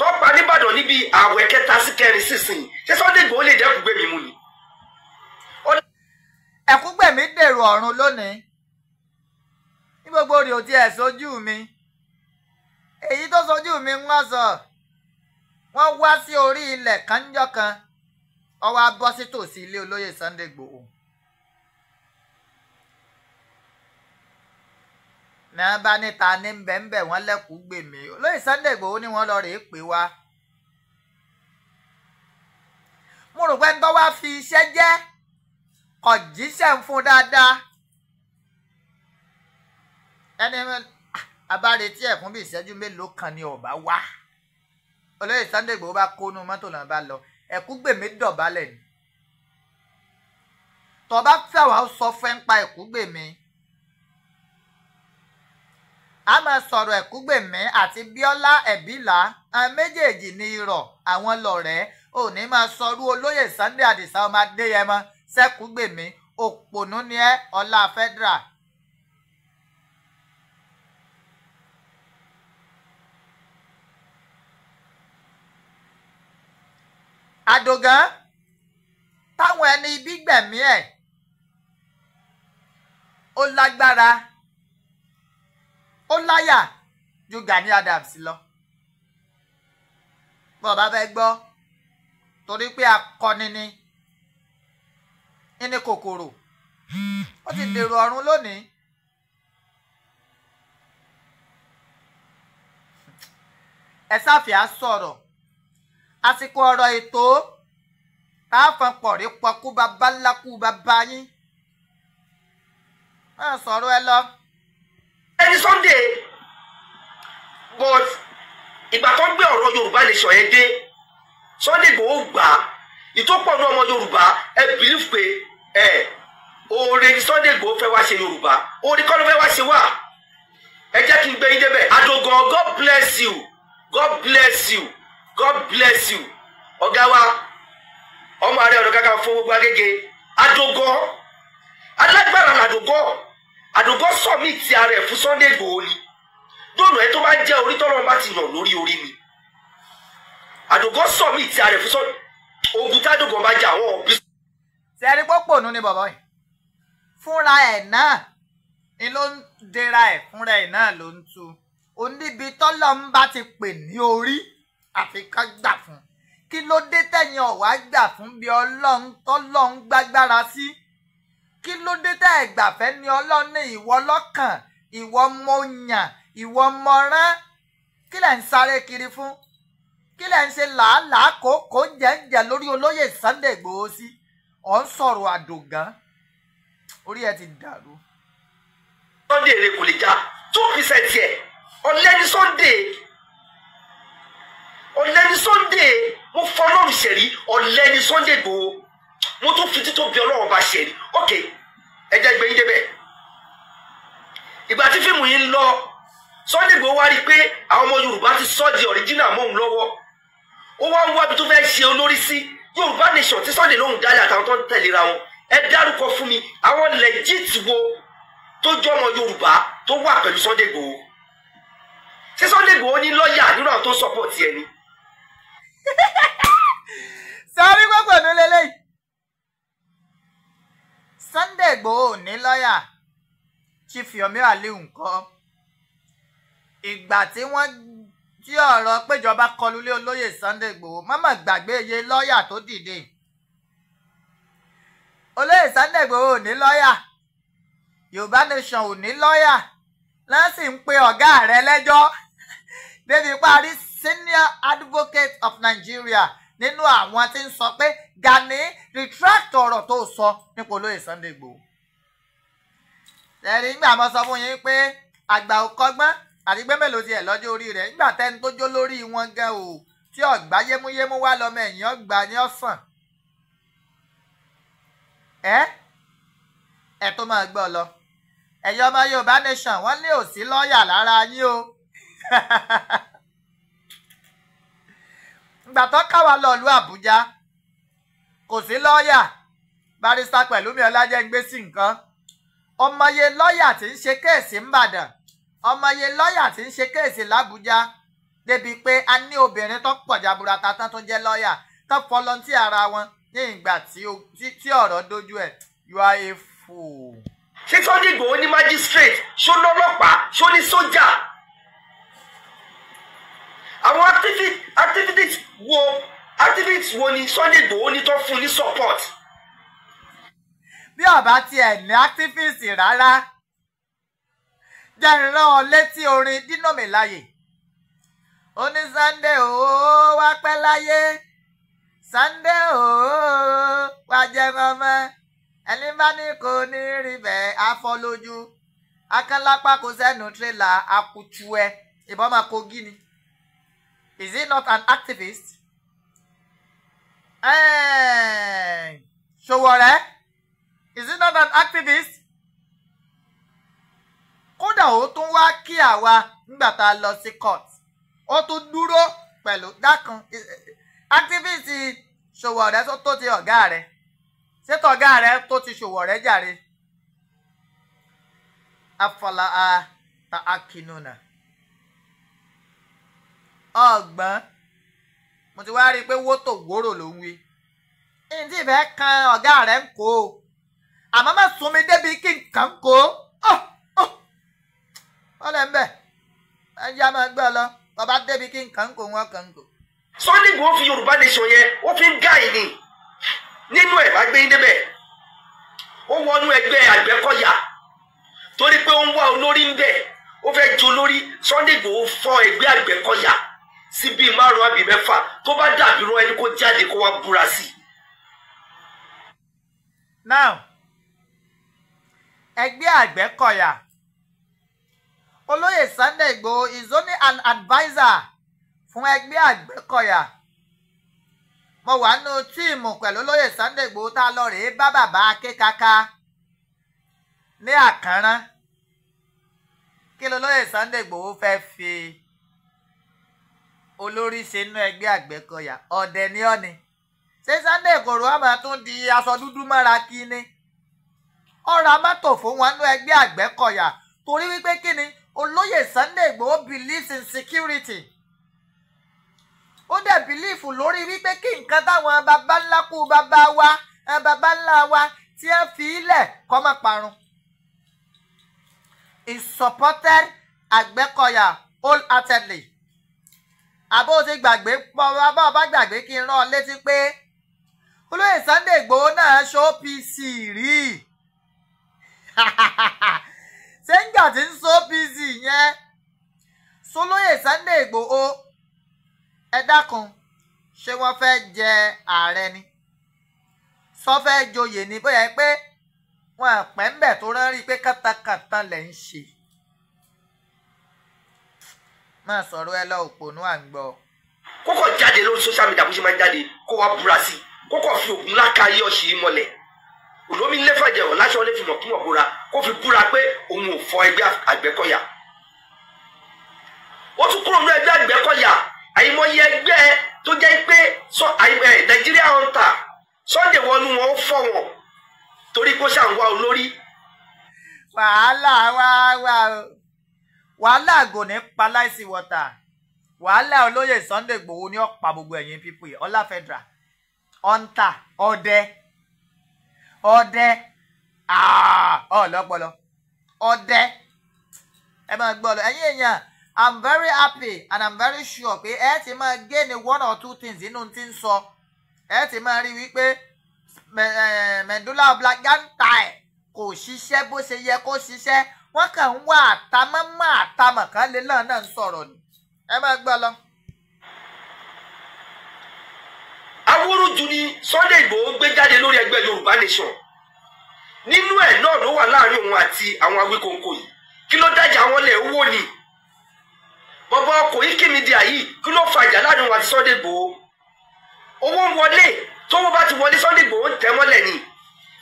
tọpa nìbàdàn níbi àwẹ̀ kẹta sí kẹrin sísìn ṣé Sunday ó lè dẹ́kun gbẹ̀mí mu ni. dèrò ọ̀run lónìí ní gbogbo rẹ̀ ò tiẹ̀ sójú mi èyí tó sójú mi ń wọ́n sọ wọ́n wá sí orí ilẹ̀ kanjọ́ kan ọwọ́ abọ́ sí tòsí ilé olóyè Sunday Igboho. ní wọ́n bá níta ní bẹ́ẹ̀nbẹ́ẹ̀ wọ́n lẹ́kùú gbèmí olóyè Sunday Igboho ni wọ́n lọ rèé pè wá. mo rò pé ń tọ́ wá fi iṣẹ́ jẹ́ kọ̀jíṣẹ́ ń fún dáadáa ẹni abáretí ẹ̀ fún bí ìṣẹ́jú mélòó kan ni ọ̀bá wá olóyè Sunday Igboho bá kó inú mọ́tò náà bá lọ ẹ̀kú gbèmí dọ̀bálẹ̀ ni tọ́ bá fẹ́ wàá sọ fẹ́ ń pa ẹ̀kú gbèmí a máa sọ̀rọ̀ ẹ̀kúgbèmí àti bíọ́lá ẹ̀bílà àwọn méjèèjì ní irọ́ àwọn lọ̀rẹ́ òní máa sọrú olóyè sunday àdìsá ọmọ adéyẹmọ sẹ́kúgbèmí òpònú ni ẹ́ ọlá federal àdògán táwọn ẹni ibi gbẹ̀mí ẹ̀ ó lágbára ó láyà ju Gani Adams lọ bọ́ọ̀ bá fẹ́ gbọ́ torí pé akọni ni ní kòkòrò ó ti dèrò ọ̀run lónìí. ẹ sáfìá sọ̀rọ̀ àsìkò ọ̀rọ̀ ètò táàfọn pọ̀rí pọkú babaláku baba yín. wọ́n sọ̀rọ̀ ẹ lọ ẹni Sunday but ìgbà tó ń gbé ọ̀rọ̀ Yorùbá lè sọ yẹn dé Sunday Igboho gbà ìtòpọ̀ ní ọmọ Yorùbá ẹ bìlíf pé ẹ oore ni Sunday Igboho fẹ́ wá ṣe Yorùbá oore kọ́ ló fẹ́ wá ṣe wá ẹ jẹ́ kí n gbé yín débẹ̀ adogan God bless you God bless you God bless you ọ̀gá wa ọmọ ààrẹ ọ̀dọ̀ kankan fún gbogbo agége adogan alágbára làdògọ́ àdògán submit ti ara ẹ̀ fún Sunday Igboho ni dóònù ẹ tó bá jẹ́ orí tọ́lọ́run bá ti yàn lórí orí mi àdògán submit ti ara ẹ̀ fún Sunday ogun tádògán bá jẹ àwọn òbí. sẹ́rí pọ́pọ̀ nù ni bàbá yìí fúnra ẹ̀ náà ni ló ń dera ẹ̀ fúnra ẹ̀ náà ló ń tu oníbi tọ́lọ́run bá ti pè ní orí àfi ká gbà fún kí ló dé tẹ̀yìn ọ̀wá gbà fún bí ọlọ́run tọ́lọ́run gbágbára sí. Si kí ló dé tá ẹ gbàfẹ́ ni ọlọ́run ní ìwọ lọ́kàn ìwọ mo yàn ìwọ mo rán kí lẹ̀ ń sáré kiri fún kí lẹ̀ ń ṣe làálàá kòókòó jẹ́ǹjẹ́ lórí olóyè Sunday Igboho sí ọ̀ ń sọ̀rọ̀ àdògán orí ẹ ti dàrú. Sunday èrè kò lè já two percent yẹ ọ̀lẹ́ni Sunday ọ̀lẹ́ni Sunday mo fọlọ́run ṣẹ̀rí ọ̀lẹ́ni Sunday Igboho mo tún fi títún bí ọlọ́run bá ṣe ni ok ẹ jẹ́ gbé yín débẹ̀ ìgbà tí fíìmù yìí ń lọ Sunday Igboho wá rí i pé àwọn ọmọ Yorùbá ti sọ di original mọ́ òun lọ́wọ́ ó wá ń wá ibi tó fẹ́ ṣe olórí sí Yorùbá nation tí Sunday lóhùn dálẹ̀ àtàwọn tó ń tẹ̀léra wọn ẹ dárúkọ fún mi àwọn legit wo tó jọmọ Yorùbá tó wà pẹ̀lú Sunday Igboho ṣé Sunday Igboho ní lọ́ọ̀yà nínú àwọn tó ń sọ́pọ̀ tiẹ̀ ni. <laughs> lọ́ọ̀yà chief yomi aliu ńkọ́ ìgbà tí wọ́n jí ọ̀rọ̀ péjọba kọlulé olóyè Sunday Igboho mọ́mọ́ gbàgbé iye lọ́ọ̀yà tó dìde olóyè Sunday Igboho ò ní lọ́ọ̀yà Yorùbá Nation ò ní lọ́ọ̀yà lọ́sì ń pe ọ̀gá rẹ lẹ́jọ́ <laughs> débi parí senior advocate of Nigeria nínú àwọn tí ń sọ pé Gani retract ọ̀rọ̀ tó sọ nípa olóyè Sunday Igboho ẹ̀rí nígbà mo sọ fún yín pé àgbà ò kọ́gbọ́n àti pé mélòó tiẹ̀ lọ́jọ́ orí rẹ̀ nígbà tẹ́ni tó jó lórí wọn gan o tí ọ̀gbá yémúyémú wá lọ́mọ ẹ̀yìn ọ̀gbà ni ọ̀sán ẹ́ ẹ̀ tó máa gbọ́ lọ ẹ̀yin ọmọ Yorùbá nation wọ́n ní òsì lọ́ọ̀yà lára yín o ìgbà tó káwa lọ́ọ̀lú Àbújá kò sí lọ́ọ̀yà barista Pẹ̀lúmi Ọlájẹ́ngbésí nǹkan ọmọye lọ́ọ̀yà tí ń ṣe kéèsì ńbàdàn ọmọye lọ́ọ̀yà tí ń ṣe kéèsì làbújá débi pé a ní obìnrin tó pọ̀ jaburata tán tó jẹ́ lọ́ọ̀yà tó fọlọ́ntì ara wọn ní ìgbà tí ọ̀rọ̀ dojú ẹ̀ you are a fool. ṣé Sunday Igboho ní magistrate ṣó lọ́lọ́pàá ṣó ní sójà àwọn activities wo activities wo ni Sunday Igboho ní tó fún ní support. bí ọba tiẹ̀ ní activist rárá jẹ́rìn rán ọ létí orin Dino Melaye ó ní Sunday ooo wá pẹ́ láyé Sunday ooo wá jẹ́ ọmọ ẹni bá ní kò ní rí bẹ́ẹ̀ afọ́ lójú akánlápá kò sẹ́nu tírélà akutu ẹ ìbọn máa kogi ni is he not an activist? Hey, Sowore. is he not an activist? kódà ó tún wá kí àwa nígbà tá a lọ sí court ó tún dúró pẹ̀lú dákan activist Sowore tó ti ọ̀gá rẹ̀ ṣé tọ̀gá rẹ̀ tó ti Sowore jàre afọlá a ta akinuna ọgbọ́n mo ti wá rí i pé wótò wóró ló ń wí ní ìfẹ́ kan ọ̀gá rẹ̀ ń kó o àmọ́ má sún mi débi kí nǹkan kó wọ́n lẹ́ ń bẹ̀ ẹ̀yà máa gbọ́ lọ bàbá débi kí nǹkan kó wọn kàn kó. Sunday Igboho fi Yorùbá nation yẹn ó fi ń gáì ni nínú ẹ̀ bá gbé débẹ̀ ó wọnú ẹgbẹ́ Àgbẹ̀kọ̀yà torí pé ó ń wá olórí ń bẹ̀ ó fẹ́ ju olórí Sunday Igboho fọ́ ẹgbẹ́ Àgbẹ̀kọ̀yà sí bíi márùn-ún àbí mẹ́fà tó bá dàbí rán ẹni kó jáde kó wá búra sí now ẹgbẹ́ àgbẹ̀kọ̀yà olóyè Sunday Igboho is only an adviser fún ẹgbẹ́ àgbẹ̀kọ̀yà mo wà nù tíìmù pẹ̀lú olóyè Sunday Igboho tá a lọ rèé bá bàbá akékaka ní àkànrán kí lolóyè Sunday Igboho fẹ́ fi olórí ṣe inú ẹgbẹ́ àgbẹ̀kọ̀yà ọ̀dẹ̀ ni ọ́ ni ṣé Sunday tún di aṣọ dúdú mọ́ra kí ni. ọ̀rọ̀ amátò fún wọn nú ẹgbẹ́ àgbẹ̀kọ̀yà torí wípé kí ni olóyè Sunday Igboho believes in security ó dẹ̀ bìlífù lórí wípé kí nǹkan táwọn baba ńlá kú baba wa baba ńlá wa tí ẹ fi ilẹ̀ kọ́ má parun is supported Àgbẹ̀kọ̀yà wholeheartedly àbó ti gbàgbé pọ́nrọ́ bá ọba gbàgbé kí n rán ọ létí pé olóyè Sunday Ìgbòho náà ṣó pc rí i ṣé nígbà tí ń so busy yẹn solóyè Sunday Ìgbòho ẹ dákun ṣé wọ́n fẹ́ jẹ ààrẹ ni sọ fẹ́ joyè ni bóyá pé wọn àpẹ́ ń bẹ̀ tó rán rí i pé kátàkátà lẹ̀ ń ṣe máa sọ̀rọ̀ ẹ lọ òpònú à ń jáde lórí social media bó ṣe máa ń jáde kó wá búra sí i kókó fi ògùn lákàáyé ọ̀sìn mọ́lẹ̀ olómi lẹ́fàjẹ́ ọ̀ láṣọ lè fi mọ̀kúmọ̀ búra kó fi búra pé òun ò fọ ẹgbẹ́ àgbẹ̀kọ̀yà ó tún kúrò ní ẹgbẹ́ àgbẹ̀kọ̀yà àyìnbọyé ẹgbẹ́ tó jẹ́ pé nàìjíríà hunter sunday wọnú wọn ó fọ wọn torí kó ṣàǹwá olórí. wàhálà wá wá o wàhálà àgò pa láìsí wọ́tà wàhálà olóyè sunday gbòho ní ọ̀pá gbogbo ẹ̀yìn pípé ọlá federal hunter ọdẹ ọdẹ ah, ọlọpọlọ ọdẹ ẹ máa gbọ́ lọ ẹ̀yin èèyàn i'm very happy and i'm very sure pé ẹ ti máa gain one or two things inú ti ń sọ ẹ ti máa rí wípé mẹ̀ndúlà ọ̀blágántàì kò ṣiṣẹ́ bó ṣe yẹ kó ṣiṣẹ́ wọ́n kàn ń wá àtàmọ́mọ́ àtàmọ̀ kan lè lọ́nà ń sọ̀rọ̀ ni ẹ máa gbọ́ lọ. awúrúju ni Sunday Igboho gbé jáde lórí ẹgbẹ́ Yorùbá Nation nínú ẹ̀ náà ló wà láàrin òun àti àwọn Awíkonko yìí kí ló dájà wọn lẹ̀ owó ni bọ́bọ́ ọkọ̀ yìí kìmí di àyè kí ló fàjà láàrin òun àti Sunday Igboho owó ń wọlé tówó bá ti wọlé Sunday Igboho ń tẹ́ ni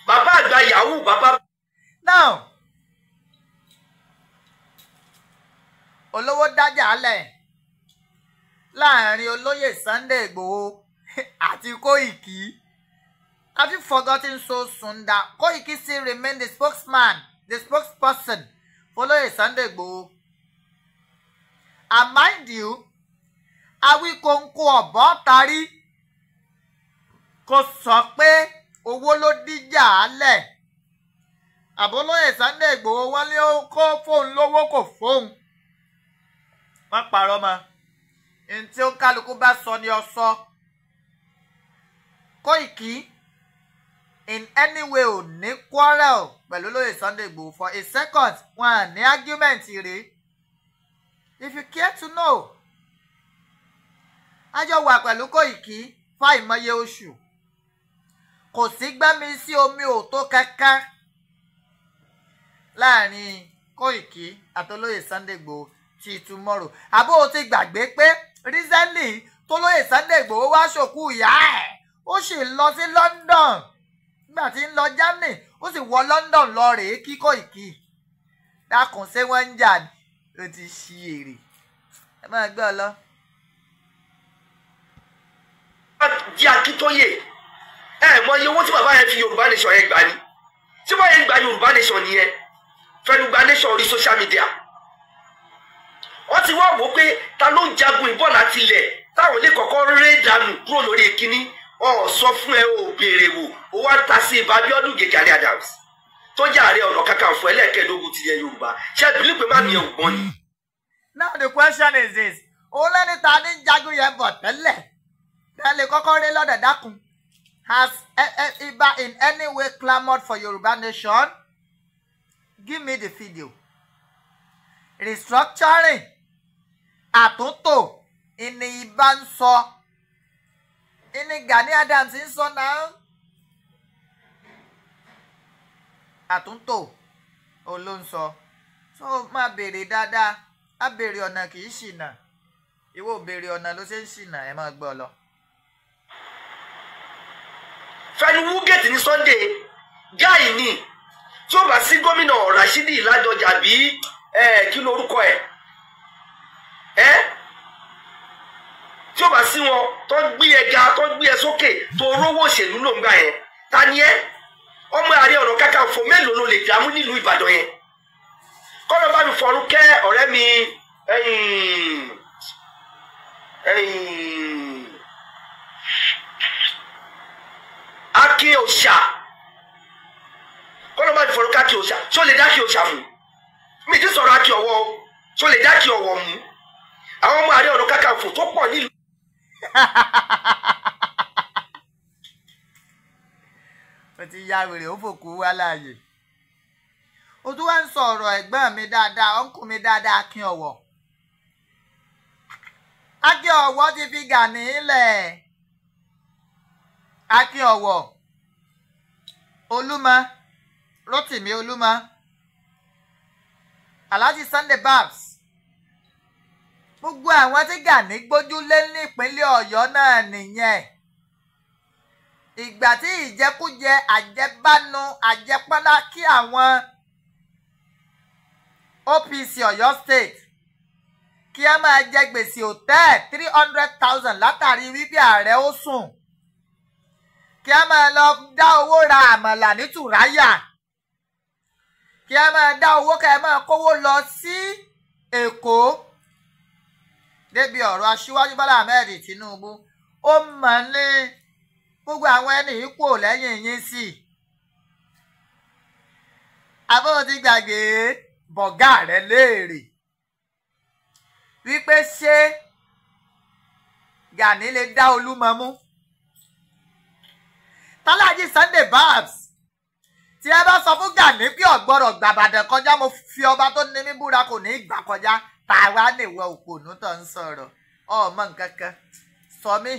bàbá àgbà yahoo bàbá. now olówó dájà lẹ̀ láàrin olóyè Sunday Igboho àti Koiki. Have you forgotten so soon that Koiki still remain the spokesman, the spokesperson following Sunday Igboho? And mind you, Awíkóńkó Ọ̀bọ́tarí kò sọ pé owó ló díjà álẹ̀. Àbólóyè Sunday Igboho wọ́n lé kó fóun lówó kò fóun. Wọ́n parọ́ mọ́. Ntí ó kálukú bá sọ ni ọ sọ. So Koiki in any way ò ní quarrel pẹ̀lú lóye Sunday Igboho for a second wọn à ní argument rè if you care to know a jọ wà pẹ̀lú Koiki fáìmọye oṣù kò sí gbẹ́mi sí omi òótọ́ kankan láàrin Koiki àtolóye Sunday Igboho ti tomorrow àbó o ti gbàgbé pé recently tolóye Sunday Igboho wá ṣòkú ìyá ẹ̀ ó sì lọ sí London nígbà tí ń lọ Germany ó sì wọ London lọ rèé kíkọ́ ìkì dákun ṣé wọ́n ń jà ló ti ṣí èrè ẹ máa gbé ọ lọ. jí Akíntóyè ẹ mọ iye owó tí bàbá yẹn fi Yorùbá Nation yẹn gbà ni tí wọ́n yẹn gba Yorùbá Nation nìyẹn fẹnugba Nation orí social media wọ́n ti wá wò ó pé ta ló ń jagun ìbọn láti ilẹ̀ táwọn ilé kọ̀ọ̀kan rẹ̀ dànù kúrò lórí kínní ọ sọ fún ẹ ò béèrè wò ó wá ta sí ibà Abíọ́dún Gẹ̀gẹ̀rí Adams tó jẹ́ Ààrẹ Ọ̀nà Kakanfò ẹlẹ́ẹ̀kẹ́ẹ̀dógún ti ilẹ̀ Yorùbá ṣé ìbílẹ̀ pé má nìyẹn ò ni. Now the question is this òun lẹ́ni ta ní jagun yẹn bọ̀ tẹ́lẹ̀ tẹ́lẹ̀ kọ́kọ́ rí lọ́dọ̀ dákun has Iba in any way clamored for Yoruba nation? Give me the video. Restructuring àtúntò ìní Iba ń sọ. So Gịnị Gani Adams ń sọ náà? Àtúntò òun so ma bere dada, abere béèrè dáadáa, á na, ọ̀nà obere í ṣìnà. Ìwọ ò béèrè ọ̀nà ló ṣe lọ. Fẹni Wúgẹ́tì ní Sunday gáì ni tí ó bá sí gómìnà Rashidi Ládọjà bí kí lorúkọ ẹ̀ ẹ́. tí ó bá sí wọn tó gbé ẹ ga tó gbé ẹ sókè tó rówó òṣèlú ló ń gbà yẹn ta ni ẹ ọmọ Ààrẹ Ọ̀nà Kakanfò mélòó ló lè dààmú nílùú Ìbàdàn yẹn kọ́nà bá mi fọ̀rún kẹ́ ọ̀rẹ́ mi Akin Òṣà kọ́nà bá mi fọ̀rún kẹ́ Akin Òṣà tí ó lè dá Akin Òṣà mú mi ti sọ̀rọ̀ Akin Ọ̀wọ̀ o tí ó lè dá Akin Ọ̀wọ̀ mú àwọn ọmọ Ààrẹ Ọ̀nà Kakanfò tó pọ̀ nílùú. mo ti ya wèrè ó fòkú wá láàyè o tún wá ń sọ ọ̀rọ̀ ẹ̀gbọ́n mi dáadáa ọ̀nkù mi dáadáa akin ọ̀wọ̀ akin ọ̀wọ̀ ti fi Gani lẹ̀ akin ọ̀wọ̀ olúmọ Rotimi olúmọ Alhaji Sunday Babs gbogbo àwọn tí Gani gbójúlé nípínlẹ̀ Ọ̀yọ́ náà nìyẹn ìgbà tí ìjẹkújẹ àjẹbánu àjẹpọ́nlá kí àwọn OPC Ọ̀yọ́ State kí a máa jẹ gbèsè òtẹ́ẹ̀ three hundred thousand látàrí wípé ààrẹ ó sùn kí a máa lọ dá owó ra àmàlà ní tùráyà kí a máa dá owó kẹ́ ẹ máa kówó lọ sí Èkó. Si débi ọ̀rọ̀ aṣíwájú bọ́lá ahmed tinubu ó mọ̀ ní gbogbo àwọn ẹni ipò lẹ́yìn yín sí i abọ́dí gbàgbé bọ̀gá rẹ̀ léèrè wípé ṣé Gani lè dá Olúmọ mú tálájì Sunday Babs tí ẹ bá sọ fún Gani pé ọ̀gbọ́dọ̀ gbàbàdàn kọjá mo fi ọba tó ní mí búra kò ní í gbà kọjá tàwa nìwọ òpònú tó ń sọ̀rọ̀ ọmọ nǹkan kan sọ mí.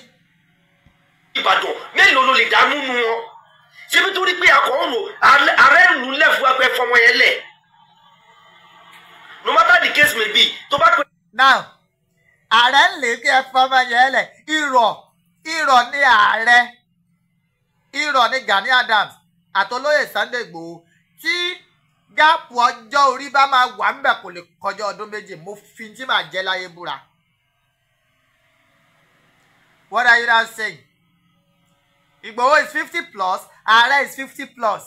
ìbàdàn mélòó ló lè dààmú nu wọn ṣébí torí pé akọ̀ọ̀nù ààrẹ ìlú ńlẹ̀ ẹgbẹ́ fọmọ yẹn lẹ̀ no matter the case may be tó bá pè. now ààrẹ ń lè kí ẹ fọmọ yẹn lẹ̀ irọ́ irọ́ ní ààrẹ irọ́ ní Gani Adams àtolóyè Sunday Igboho tí gáàpù ọjọ́ orí bá máa wà ńbẹ̀ kò lè kọjá ọdún méje mo fi tí màá jẹ́ láyé búra. What are you now saying? Igboho is fifty plus ààrẹ is fifty plus.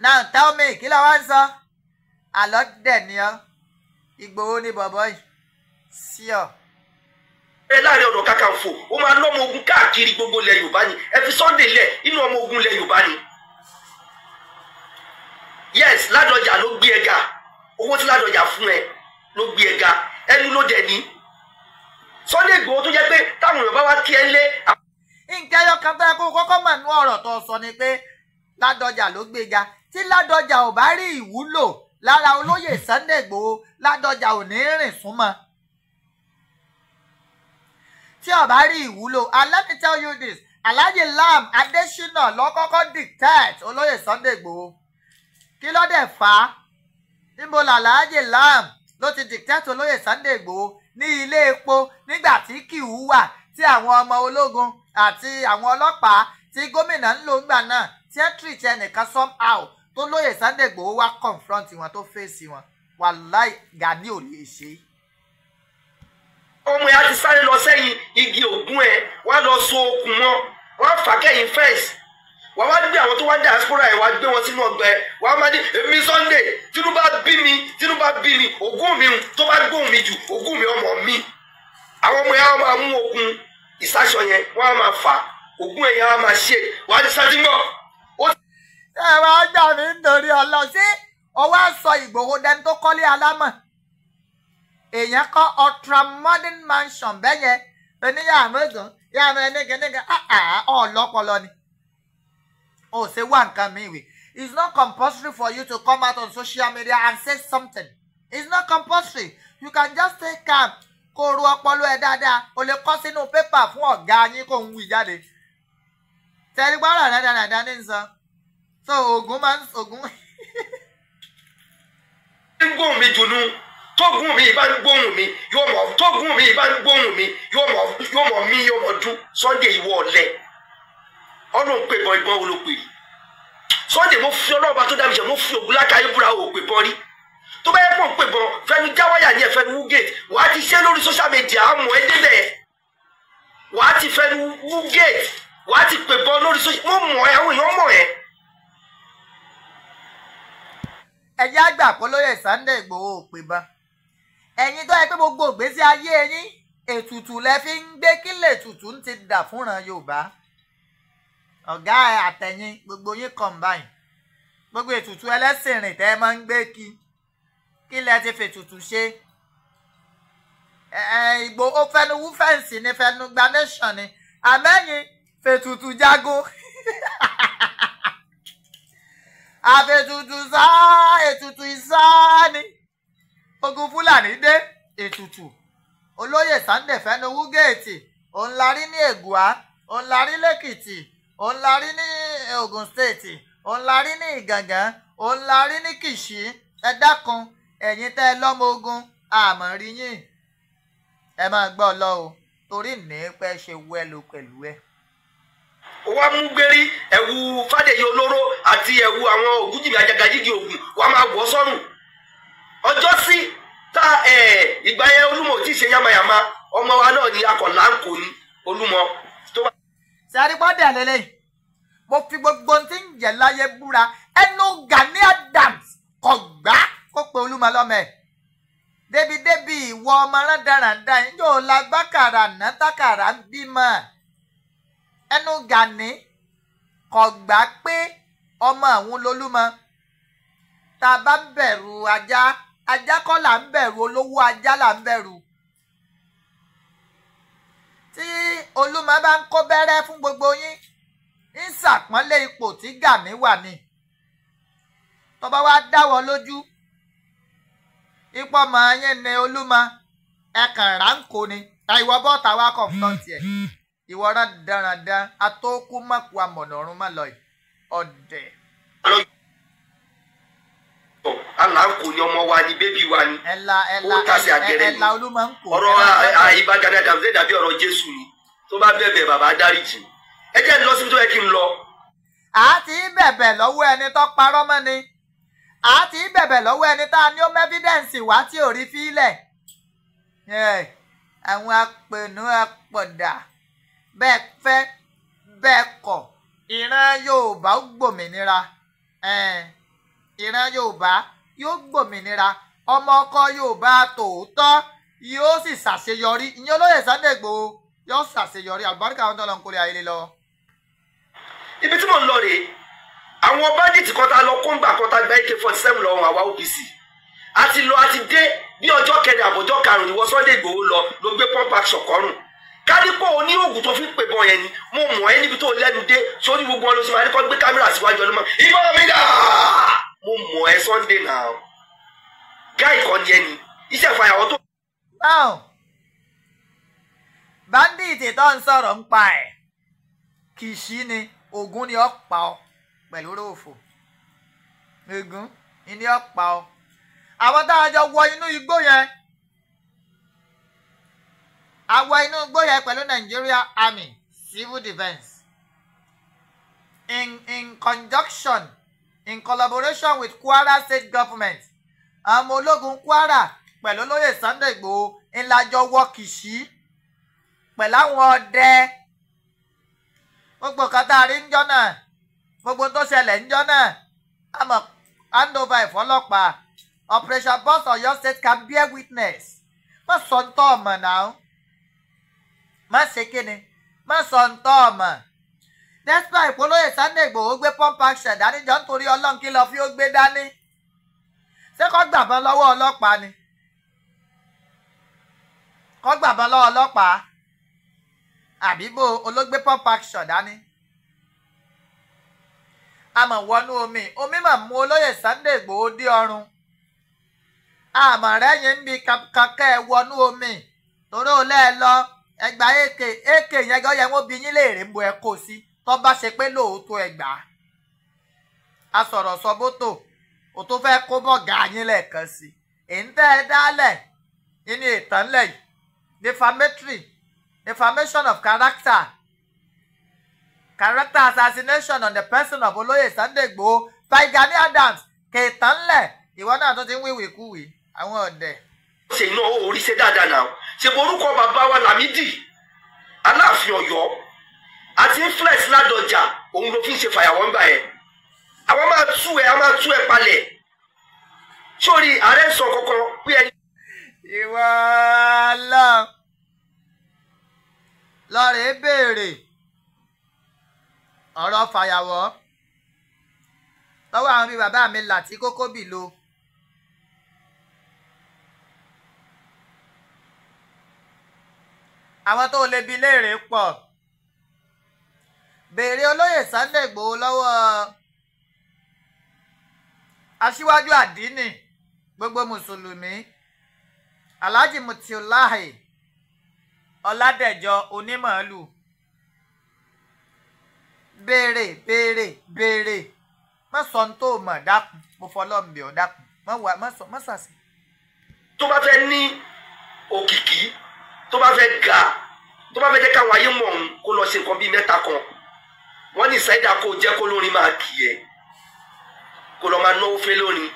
Now tell me kí ló wá ń sọ? Àlọ́ dẹ̀ ni ọ́. Igboho ni bọ̀bọ̀ yìí. Sí ọ ẹ láàrin ọ̀nà kakanfò ó máa lọ́mọ ogun káàkiri gbogbo ilẹ̀ yorùbá ni ẹ fi sunday lẹ̀ inú ọmọ ogun ilẹ̀ yorùbá ni yes ládọjà ló gbé ẹ ga owó tí ládọjà fún ẹ ló gbé ẹ ga ẹnu ló dẹ̀ ní Sunday Igboho tó jẹ́ pé táwọn èèyàn bá wá kí ẹ lé. nǹkan ẹyọ kan tó yẹ kó kọ́kọ́ mọ̀ nínú ọ̀rọ̀ tó sọ ni pé ládọjà ló gbé ga tí ládọjà ò bá rí ìwúlò lára olóyè Sunday Igboho ládọjà ò ní rìn súnmọ́ tí ò bá rí ìwúlò and let me tell you this Alhaji Lam Adesina ló dictate olóyè Sunday Igboho kí ló dẹ̀ fà á níbo làlájì lam ló ti dìtẹ́tò lóyè Sunday Igboho ní ilé epo nígbà tí kìú wà tí àwọn ọmọ ológun àti àwọn ọlọ́pàá tí gómìnà ń lò ńgbà náà tí ẹ tìrì tí ẹnìkan somehow tó lóyè Sunday Igboho wá confront wọn tó fèsì wọn wàláì Gani ò lè ṣe ọmọ yẹn á ti sáré lọ sẹ́yìn igi ògún ẹ̀ wá lọ so okùn mọ́ wọ́n fà kẹ́yìn fẹ́ẹ̀sì wà wá gbé àwọn tó wá diaspora ẹ̀ wá gbé wọn sínú ọgbẹ́ wà má dé èmi Sunday tínú bá bí mi tínú bá bí mi ògùn mi tó bá gbóhùn mi jù ògùn mi ọmọ mi àwọn ọmọ yẹn wọn máa mú okun ìsáṣọ yẹn wọn máa fà ògùn ẹ̀yà wọn máa ṣe wà á ní sátìmọ́. ẹ wá gbà mí nítorí ọlọ sí ọwọ́ sọ Ìgbòho dẹni tó kọ́lé alámọ̀ èèyàn kọ́ ultra mansion bẹ́yẹn oníyàwó ẹ̀gàn yàrá ẹnìkan ah, ẹnìkan ah, ni. Oh, say one can me we. it's not compulsory for you to come out on social media and say something it's not compulsory you can just stay calm kó ru ọpọlọ ẹ dáadáa o lè kọ sínú pépà fún ọ̀gá yín kó ń wí jáde tẹrígbọ́rọ̀ rádaràdá ní sọ so oògùn máa ń oògùn. gbóhùn mi dùnú tógùn mi ìbá gbóhùn mi yóò mọ̀ tógùn mi ìbá gbóhùn mi yóò mọ̀ mí yóò mọ̀ dún Sunday ìwọ ọ̀lẹ ọlọ́run pè bọ́ ìbọn wo ló pè ní mo fi ọlọ́ọ̀bá tó dábìjẹ́ mo fi ògùn lákàáyé búra o pè bọ́ rí tó bá yẹ pọ̀ ń pè bọ́ fẹnu jáwáyà ní ẹ̀fẹ́ wú gate wàá ti ṣe lórí social media àmọ́ ẹ débẹ̀ wàá ti fẹnu wú gate wàá ti pè bọ́ lórí social mo mọ̀ ẹ́ àwọn èèyàn mọ̀ ẹ́. ẹ̀yà àgbà polóyè Sunday Igboho ò pè bá ẹ̀yin tó yẹ pé gbogbo ìgbésí ayé yín ètùtù lẹ fi ń gbé kílẹ̀ ètùtù ń ti dà fúnra Yorùbá ọ̀gá àtẹ̀yìn gbogbo yín combine gbogbo ètùtù ẹlẹ́sìn rìn tẹ́ ẹ máa ń gbé kí kí lẹ ti fètùtù ṣe ìgbò ó fẹnu wú fẹ́ǹsì ni fẹnu gba nation ni àmẹ́yìn fètùtù jagun àfètùtù <laughs> sá ètùtù ìsá ni ogun fúlàní dé ètùtù olóyè Sunday fẹnu wú géètì òun larí ní ègùá òun larí lẹ́kìtì òun la rí ní Ogun State òun la rí ní Ìgàngán òun la rí ní Kìṣí ẹ dákun ẹ̀yin tẹ́ ẹ lọ́mọ ogun àmọ́ rí yín ẹ máa gbọ́ lọ o torí ní pẹ́ ṣe wẹ́lo pẹ̀lú ẹ. wá mú gbérí ẹ̀wù fàdéyé olóró àti ẹ̀wù àwọn ògúnjìmí ajagajigi ògùn wá máa wọ̀ sọ́rùn ọjọ́ sí tá ìgbà yẹn olúmọ̀ ò tí ì ṣe yamayama ọmọ wa náà ni akọ̀là ń kò ní sẹ́rí pọ́ndẹ̀ lélẹ́yìn mo fi gbogbo tí ń jẹ́ láyé búra ẹnu Gani Adams kò gbà kó pe Olúmọ lọ́mọ ẹ̀ débi-débi ìwọ ọmọ rádaràda yìí yóò la gbàkàrà ná tàkàrà ń bímọ ẹnu Gani kò gbà pé ọmọ àwọn lolúmọ tá a bá ń bẹ̀rù ajá ajá kọ́ là ń bẹ̀rù olówó ajá là ń bẹ̀rù. tí olúmọ bá ń kó bẹ́rẹ́ fún gbogbo yín ń ṣàpọ́nlé ipò tí Gàní wà ní tọ́ba wá dáwọ́ lójú ipò ọmọ yẹn ní olúmọ ẹ̀kàn ránkò ni ìwọ bọ́ọ̀tà wa kọ̀ fún tiẹ̀ ìwọ rán darandan atókùmọ̀kù amọ̀nà ọ̀run mọ̀ lọ yìí ọ̀dẹ̀. ala ń kò ní ọmọ wa ni bébí wa ni ó tàsí àgẹrẹ ni ọ̀rọ̀ Ìbàdàn àdàbẹ dàbí ọ̀rọ̀ Jésù ni tó bá bẹ̀bẹ̀ bàbá dáríjì ẹ jẹ́ lọ síbi tó yẹ kí n lọ. a ti ń bẹ̀bẹ̀ lọ́wọ́ ẹni tó parọ́ mọ́ ni a ti ń bẹ̀bẹ̀ lọ́wọ́ ẹni tá a ní ó mẹ́fídẹ́ǹsì wá tí ò rí fílẹ̀ àwọn apẹ̀nú apọ̀dà bẹ́ẹ̀ fẹ́ bẹ́ẹ̀ kọ̀ ìran Yorùbá ó gbòmìnira. Eh ìran yorùbá yóò gbòmìnira ọmọ ọkọ yorùbá tòótọ́ yóò sì ṣàṣeyọrí ìyẹn olóyè Sunday Igboho yóò ṣàṣeyọrí àlùbáríkà àwọn tọ́lọ́ ń kórè ayé lọ. ibi tí mò ń lọ rèé àwọn bandits kan tá lọ kóńgbà kan tá gba AK forty seven lọ́wọ́ àwa OPC àti lọ àti dé bí ọjọ́ kẹrin àbọ̀jọ́ karùn-ún ìwọ Sunday Igboho lọ ló gbé pump action kọrùn kádípò oní oògùn tó fi pè bọ yẹn ni mo mọ̀ ẹ́ níbi tó lẹ́nu dé sórí gbogbo ọlọ́sìn máa gbé kámẹ́rà síwájú ọlọ́mọ ìbọn mi dà mo mọ̀ ẹ́ Sunday náà gáì kan jẹ́ ni iṣẹ́ ìfàyàwọ́ tó. bandit tó ń sọ̀rọ̀ ń pa ẹ̀ Kìṣí ni Ogun, ni ó pa ọ pẹ̀lú róòfò Ògún ni ó pa ọ àwọn tá a jọ wọ inú igbó yẹn àwọ inú igbó yẹn pẹ̀lú Nigeria Army Civil Defence in in conjunction in collaboration with Kwara State Government àwọn ológun Kwara pẹ̀lú olóyè Sunday Igboho ńlájọ wọ Kìṣí pẹ̀lú àwọn ọdẹ gbogbo nǹkan tá a rí ńjọ́ náà gbogbo tó ṣẹlẹ̀ ńjọ́ náà a mọ̀ handover ìfọlọ́pàá Operation Burst Oyo State can bear witness má sọ ń tọ́ ọmọ náà má ṣe kíni má sọ ń tọ́ ọmọ. despite ìpolóye Sunday Igboho gbé pump action dání jọ nítorí ọlọ́run kí lọ fi ó gbé dání ṣé kọ́ gbàbọn lọ́wọ́ ọlọ́pàá ni kọ́ gbàbọn lọ́wọ́ ọlọ́pàá àbíbò olóògbé pump action dání àmọ̀ wọnú omi omi mà mú olóyè Sunday Igboho dé ọrùn àmọ̀ rẹ́yìn ń bi kankan wọnú omi torí ó lẹ́ẹ̀ lọ ẹgbàá èkè èkè yẹn gan yẹn tó bá ṣe pé lóòótọ́ ẹgbàá asọ̀rọ̀ sọ́bótò ò tó fẹ́ kó bọ̀gà yín lẹ́ẹ̀kan sí i èyí tẹ́ ẹ dálẹ̀ nínú ìtànlẹ̀ yìí defamatory defamation of character character assassination on the person of olóyè Sunday Igboho by Gani Adams kẹtànlẹ̀ ìwọ náà tó ti ń wíwì kúwì àwọn ọ̀dẹ̀. ṣe iná orí ṣe dáadáa náà ṣe borúkọ bàbá wa Lámídì Aláàfin Ọ̀yọ́ àti inflex ládọjà òun ló fi ń ṣe fàyàwọ́ ń bà yẹn àwọn máa tú ẹ a máa tú ẹ palẹ̀ sórí ààrẹ sọ kankan pé ẹni. ìwà aláà lọ́rẹ̀ béèrè ọ̀rọ̀ fàyàwọ́ lọ́wọ́ àwọn bíi bàbá mi Láti Kókóbìló. àwọn tó lè bi léèrè pọ̀ béèrè olóyè Sunday Igboho lọ́wọ́ aṣíwájú àdínì gbogbo mùsùlùmí alhaji mutiulahi ọládẹjọ onímọ̀ọ́lù béèrè béèrè béèrè má sọ ní tó mọ̀ dákun mo fọlọ́ mi ọ̀ dákun má wà má sọ má sọ àṣẹ. tó bá fẹ́ ní òkìkí tó bá fẹ́ ga tó bá fẹ́ jẹ́ káwọn ayé mọ̀ òun kó lọ sí nǹkan bíi mẹ́ta kan wọ́n ní ṣáídà kó jẹ́ kó lórin máa kì í ẹ̀ kó lọ́ọ́ máa náwó fẹ́ lórin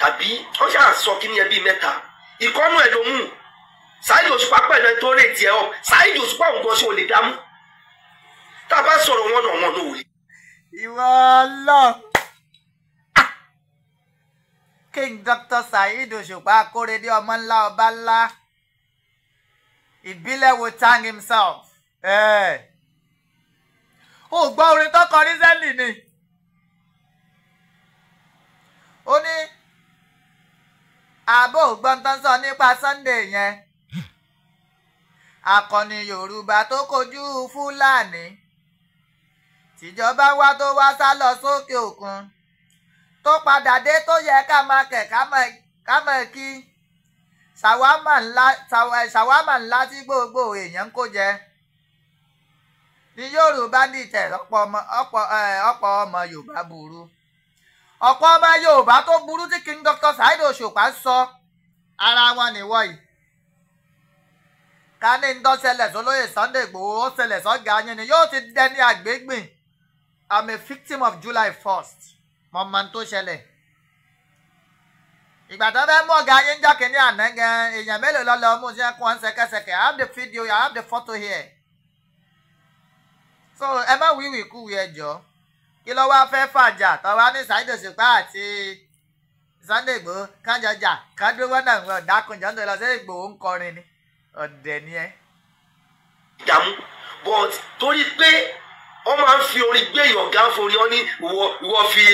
tàbí wọ́n ṣáà sọ kíní ẹbí mẹ́ta ìkọ́nù ẹ̀ ló mú ṣáídì òṣùpá pẹ̀lú ẹ̀ tó rè tiẹ̀ ọ́ òṣùpá òun ṣe ò lè dámú tá a bá sọ̀rọ̀ wọn náà wọn náà ò lè. ìwà lọ King Dr. Saheed Òṣùpá Akórèdé ọmọ ńlá ọba ńlá ìbílẹ̀ wo tang himself. Hey. Eh o gbọ́ orin tó kọ rísẹ́lì ni ó ní àbò gbọ́ntàn sọ nípa Sunday yẹn akọni Yorùbá tó kojú Fúlàní tìjọba wa tó wá sá lọ sókè òkun tó padà dé tó yẹ ká máa kẹ̀ ká máa kí ṣàwámà ńlá tí gbogbo èèyàn ń kó jẹ. yoruba Yorùbá nìtẹ̀ ọkpọ ọmọ yoruba buru ọ̀pọ̀ ọmọ Yorùbá tó burú tí King Dr. Saheed Òṣùpá sọ ara wọn nìwọ ka ká ní ń dọ́sẹ̀lẹ̀ sólóyè Sunday Ìgbòho ó ṣẹlẹ̀ sọ́gà yín ni yóò ti dẹni àgbégbìn I'm a victim of July 1st mo mọ ohun tó ṣẹlẹ̀ ìgbà tó fẹ́ mú ọ̀gá yín jákè ní àná gan èèyàn mélòó lọ́lọ́ mú sí ẹkún ọ̀hún ṣẹkẹsẹkẹ I have the video I have the photo here. so ẹ má wíwì kúwì ẹjọ́ kí ló wá fẹ́ fàjà tọ́wá ní Saheed Òṣùpá àti Sunday Igboho kánjọjà kádúró náà ń dákunjọ nítorí lọ́sẹ̀ ń kọrin ni ọ̀dẹ̀ ni ẹ. ìdààmú but torí pé wọ́n máa ń fi orin gbé ìyọ̀gá forí wọn ní ìwọ fi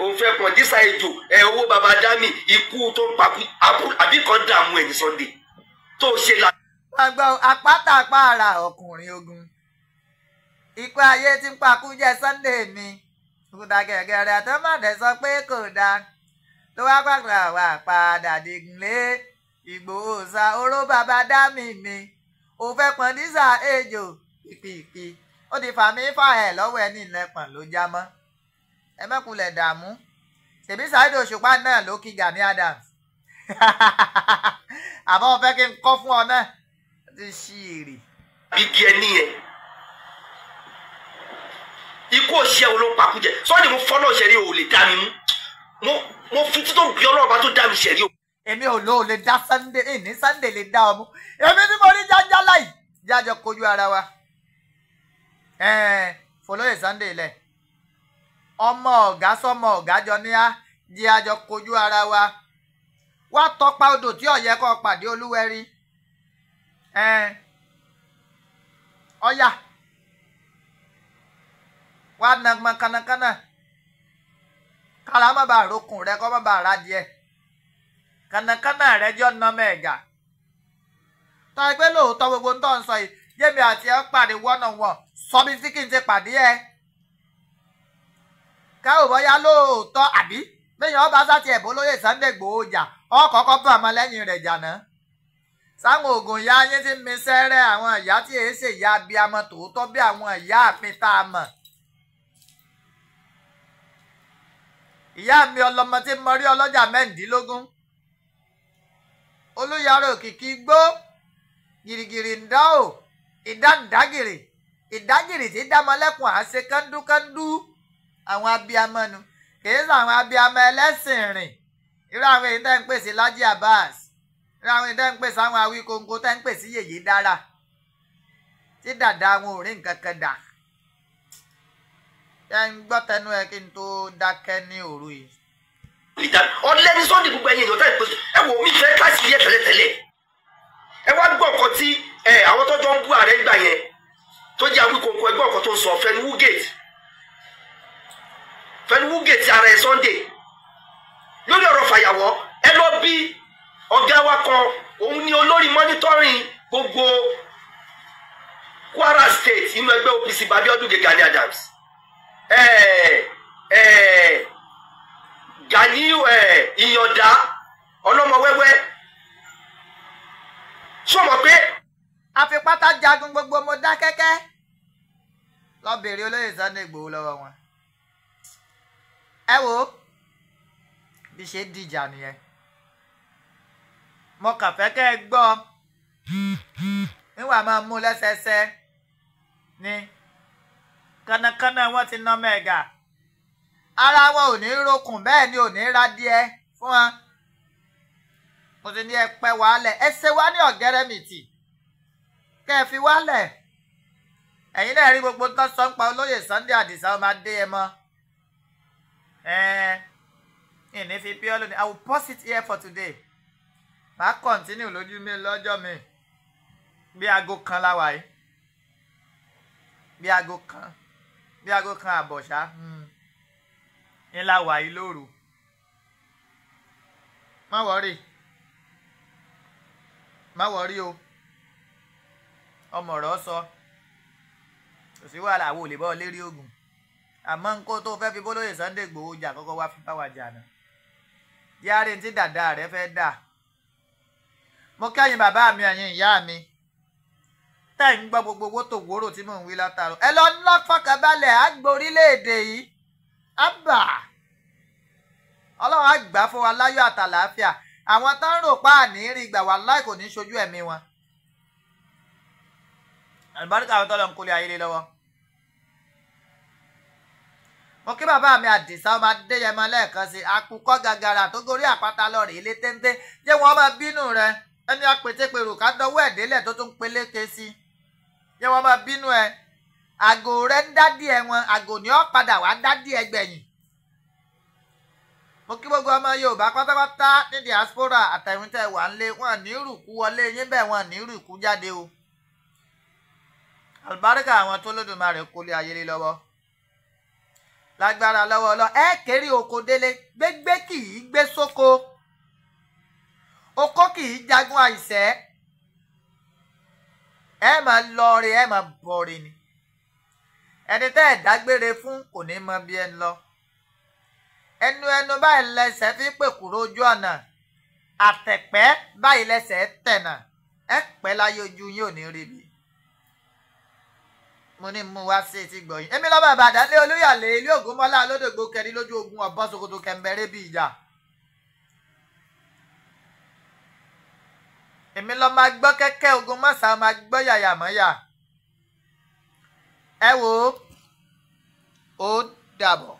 òun fẹ́ pọ̀ dísà ètò owó baba dami ikú tó ń pakú àbí kan dààmú ẹni Sunday tó ṣe là. àgbà àpáta àpá ara ọkùnrin ogun ìpè ayé tí ń pakú jẹ́ Sunday mi òkúta gẹ̀gẹ̀rẹ̀ tó má dẹ̀ sọ pé kò dáa tó wá pàtàkì àwa padà dìgbìnlé Ìgbòho sa oró bàbá dá mi mi ò fẹ́ pọn dísà èjò pìpìpì ó ti fà mí fà ẹ̀ lọ́wọ́ ẹni ìlẹ́pọ̀n ló já mọ́ ẹ mẹ́kulẹ̀ dààmú tèmi Saheed Òṣùpá náà ló kí Gani Adams <laughs> àmọ́ fẹ́ kí n kọ́ fún ọ náà ti ṣí èrè. bí di ẹni ikú òsì wo ló ń pakú jẹ sọ́ọ́dì mo fọ́ náà ṣẹ̀rí o lè dá mi mú mo fi títún gbé bá tó dá mi ṣẹ̀rí o. èmi ò lóò lè dá Sunday ìní Sunday lè dá ọmú èmi ni mo rí jájá láì jájọ kojú ara wa fòlóyè Sunday lẹ ọmọ ọ̀gá sọmọ ọ̀gá jọ ní á di àjọ kojú ara wa wá tọpa odò tí ọ̀yẹ́ kọ́ pàdé olúwẹ̀rí ọ̀yà. Eh, wàá na gbọn kánnakánná kára má bàa rokùn rẹ kó má bàa ra díẹ̀ kánnakánná rẹ jọ nà mẹ́ẹ̀gà tọ́ ẹ pé lóòótọ́ gbogbo ń tọ́ ń sọ yìí yémi àti ẹ pàdé wọ́nà wọ̀n sọ mi sí kí n ti pàdé ẹ káwọ bọ́yá lóòótọ́ àbí bẹ́yìn ọba sátì ẹ̀bọ́ lóye Sunday Igboho jà ọkọ̀ọ̀kọ̀ bá ọmọ lẹ́yìn rẹ̀ jà náà sáwọn oògùn ìyá yín ti mi sẹ́rẹ̀ àwọn ìyá tí èé ṣèyá abiyamọ tòótọ́ bí àwọn ìyá àfin tá a mọ̀ ìyá mi ọlọmọ tí mo rí ọlọ́jà mẹ́ǹdínlógún olóyàrá òkìkí gbó gìrìgìrì ń dá ò ìdáǹdágìrì ìdágìrì tí dámọlẹ́kùn à ń ṣe kándúkándú àwọn abiyamọ nu kìí sọ àwọn abiyamọ ẹlẹ́sìn rìn irú àwọn èyí tẹ́ ń pèsè Laji Abbas irú àwọn èyí tẹ́ ń pèsè àwọn Awikonko tẹ́ ń pèsè yèyé dára tí dàda wọn ò rí nǹkan kan dà ẹ ń gbọ́ tẹnu ẹ kí n tó dákẹ́ ní òru yìí. ọlẹ́ni sunday gbogbo ẹ̀yin ìdọ̀tà ìpèsè ẹ wò mí fẹ́ kíláàsì yẹ tẹ́lẹ̀tẹ́lẹ̀ ẹ wá gbọ́ ọ̀kan tí àwọn tó jọ ń bú ààrẹ gbà yẹn tó jẹ́ awíkòǹkò ẹgbẹ́ ọ̀kan tó ń sọ fẹ́ni wúgẹ̀tì fẹ́ni wúgẹ̀tì ara ẹ̀ sunday lórí ọ̀rọ̀ fàyàwọ́ ẹ lọ bí ọ̀gá wa kan òun ni olórí mọ́nítọ́rìn gbogbo Kwara State inú ẹgbẹ́ OPC Babiodun Gani Adams Gani eh, eh, ìyọ̀dá eh, ọlọ́mọ wẹ́wẹ́ sọmọ pé. àfipátá jagun gbogbo mo dá kẹ́kẹ́ lọ bèrè olóyè Sunday Igboho lọ́wọ́ wọn. ẹ wo bí ṣe dìjà nìyẹn mo kàn fẹ́ kẹ́ ẹ gbọ́ níwà máa mú lẹ́sẹẹsẹ ní kánnakánná wọ́n ti ná mẹ́ga ara wọn ò ní rokùn bẹ́ẹ̀ ni ò ní ra díẹ̀ fún wọn mo ti ní ẹ pẹ́ wàálẹ̀ ẹ ṣe wá ní ọ̀gẹ́rẹ́mìtì kẹ́ ẹ fi wálẹ̀ ẹ̀yin náà rí gbogbo tán sọ ń pa olóyè Sunday Àdìsá ọmọ adé ẹ mọ́ ẹ̀ẹ́n ní fi bí ọ́ lónìí I will pause it here for today màá continue lójú mi lọ́jọ́ mi bí aago kan láwa yìí bí aago kan bí aago kan àbọ̀ṣá ńlá hmm. wàyí lóru má wọrí má wọrí o ọmọ ọ̀rọ̀ sọ kò sí wàhálà àwọn olè bọ́ lérí ogun àmọ́ nkó tó fẹ́ fi bólóyè Sunday Igboho jà kọ́kọ́ wá fi báwa jà náà yára ní ti dàda rẹ fẹ́ dà mo kẹ́yìn bàbá mi ẹ̀yin ìyá mi tẹ̀ ń gbọ́ gbogbo owó tó wúrò tí mò ń wí látàrọ ẹ lọ lọ́fọ̀kànbalẹ̀ àgbò orílẹ̀-èdè yìí ábà ọlọ́run àgbà fún wa láyọ̀ àtàlàáfíà àwọn tó ń rò pa àní rí gbà wá láì kò ní ṣojú ẹ̀mí wọn àlùbáríkà àwọn tọ́lọ̀ ń kólé ayé lé lọ́wọ́ mo kí bàbá mi àdìsá ọmọ adéyẹmọ lẹ́ẹ̀kan sí akukọ́ gàgàrà tó gorí àpáta lọ́ọ̀rì ilé téńté jẹ́ wọ́n máa bínú rẹ ẹni apètèpèrò ká dọwọ́ ẹ̀dẹ́lẹ̀ tó tún peléke sí i yẹn wọ́n máa bínú ẹ àgò rẹ ń dá díẹ̀ wọn àgò ní ọ́ padà wá dá díẹ̀ gbẹ̀yìn mo kí gbogbo ọmọ yorùbá pátápátá ní diaspora àtẹ̀yìn tẹ̀ wà ń lé wọn ní rùkú wọlé yín bẹ́ẹ̀ wọn ní rùkú jáde o àlùbáríkà àwọn tó lódùmarè kólé ayélé lọ́wọ́ lágbára lọ́wọ́ lọ ẹ kéré oko délé gbégbé kì í gbé sóko oko kì í jagun àìsẹ́ ẹ máa lọre ẹ máa bọre ni ẹni tẹ́ ẹ̀ dágbére fún kò ní mọ bí ẹ ń lọ ẹnu ẹnu báyìí lẹsẹ̀ fi ń pè kúrò ojú ọ̀nà àtẹ̀pẹ́ báyìí lẹsẹ̀ tẹ̀nà ẹ pẹ́ láyé ojú yín ò ní rí bi mo ní mú wá sí etí gbọ̀yìn èmi lọ́mọ Ìbàdàn lé olóyàlé ilé Ògúnmọ́lá olódògbò kẹrin lójú ogun ọ̀bọ́n kẹ̀mbẹ́rẹ́ bíi ìjà. èmi lọ máa gbọ́ kẹ́kẹ́ ogun mọ́sà máa gbọ́ yàyàmọ́yà ẹ wò ó ó dàbọ̀.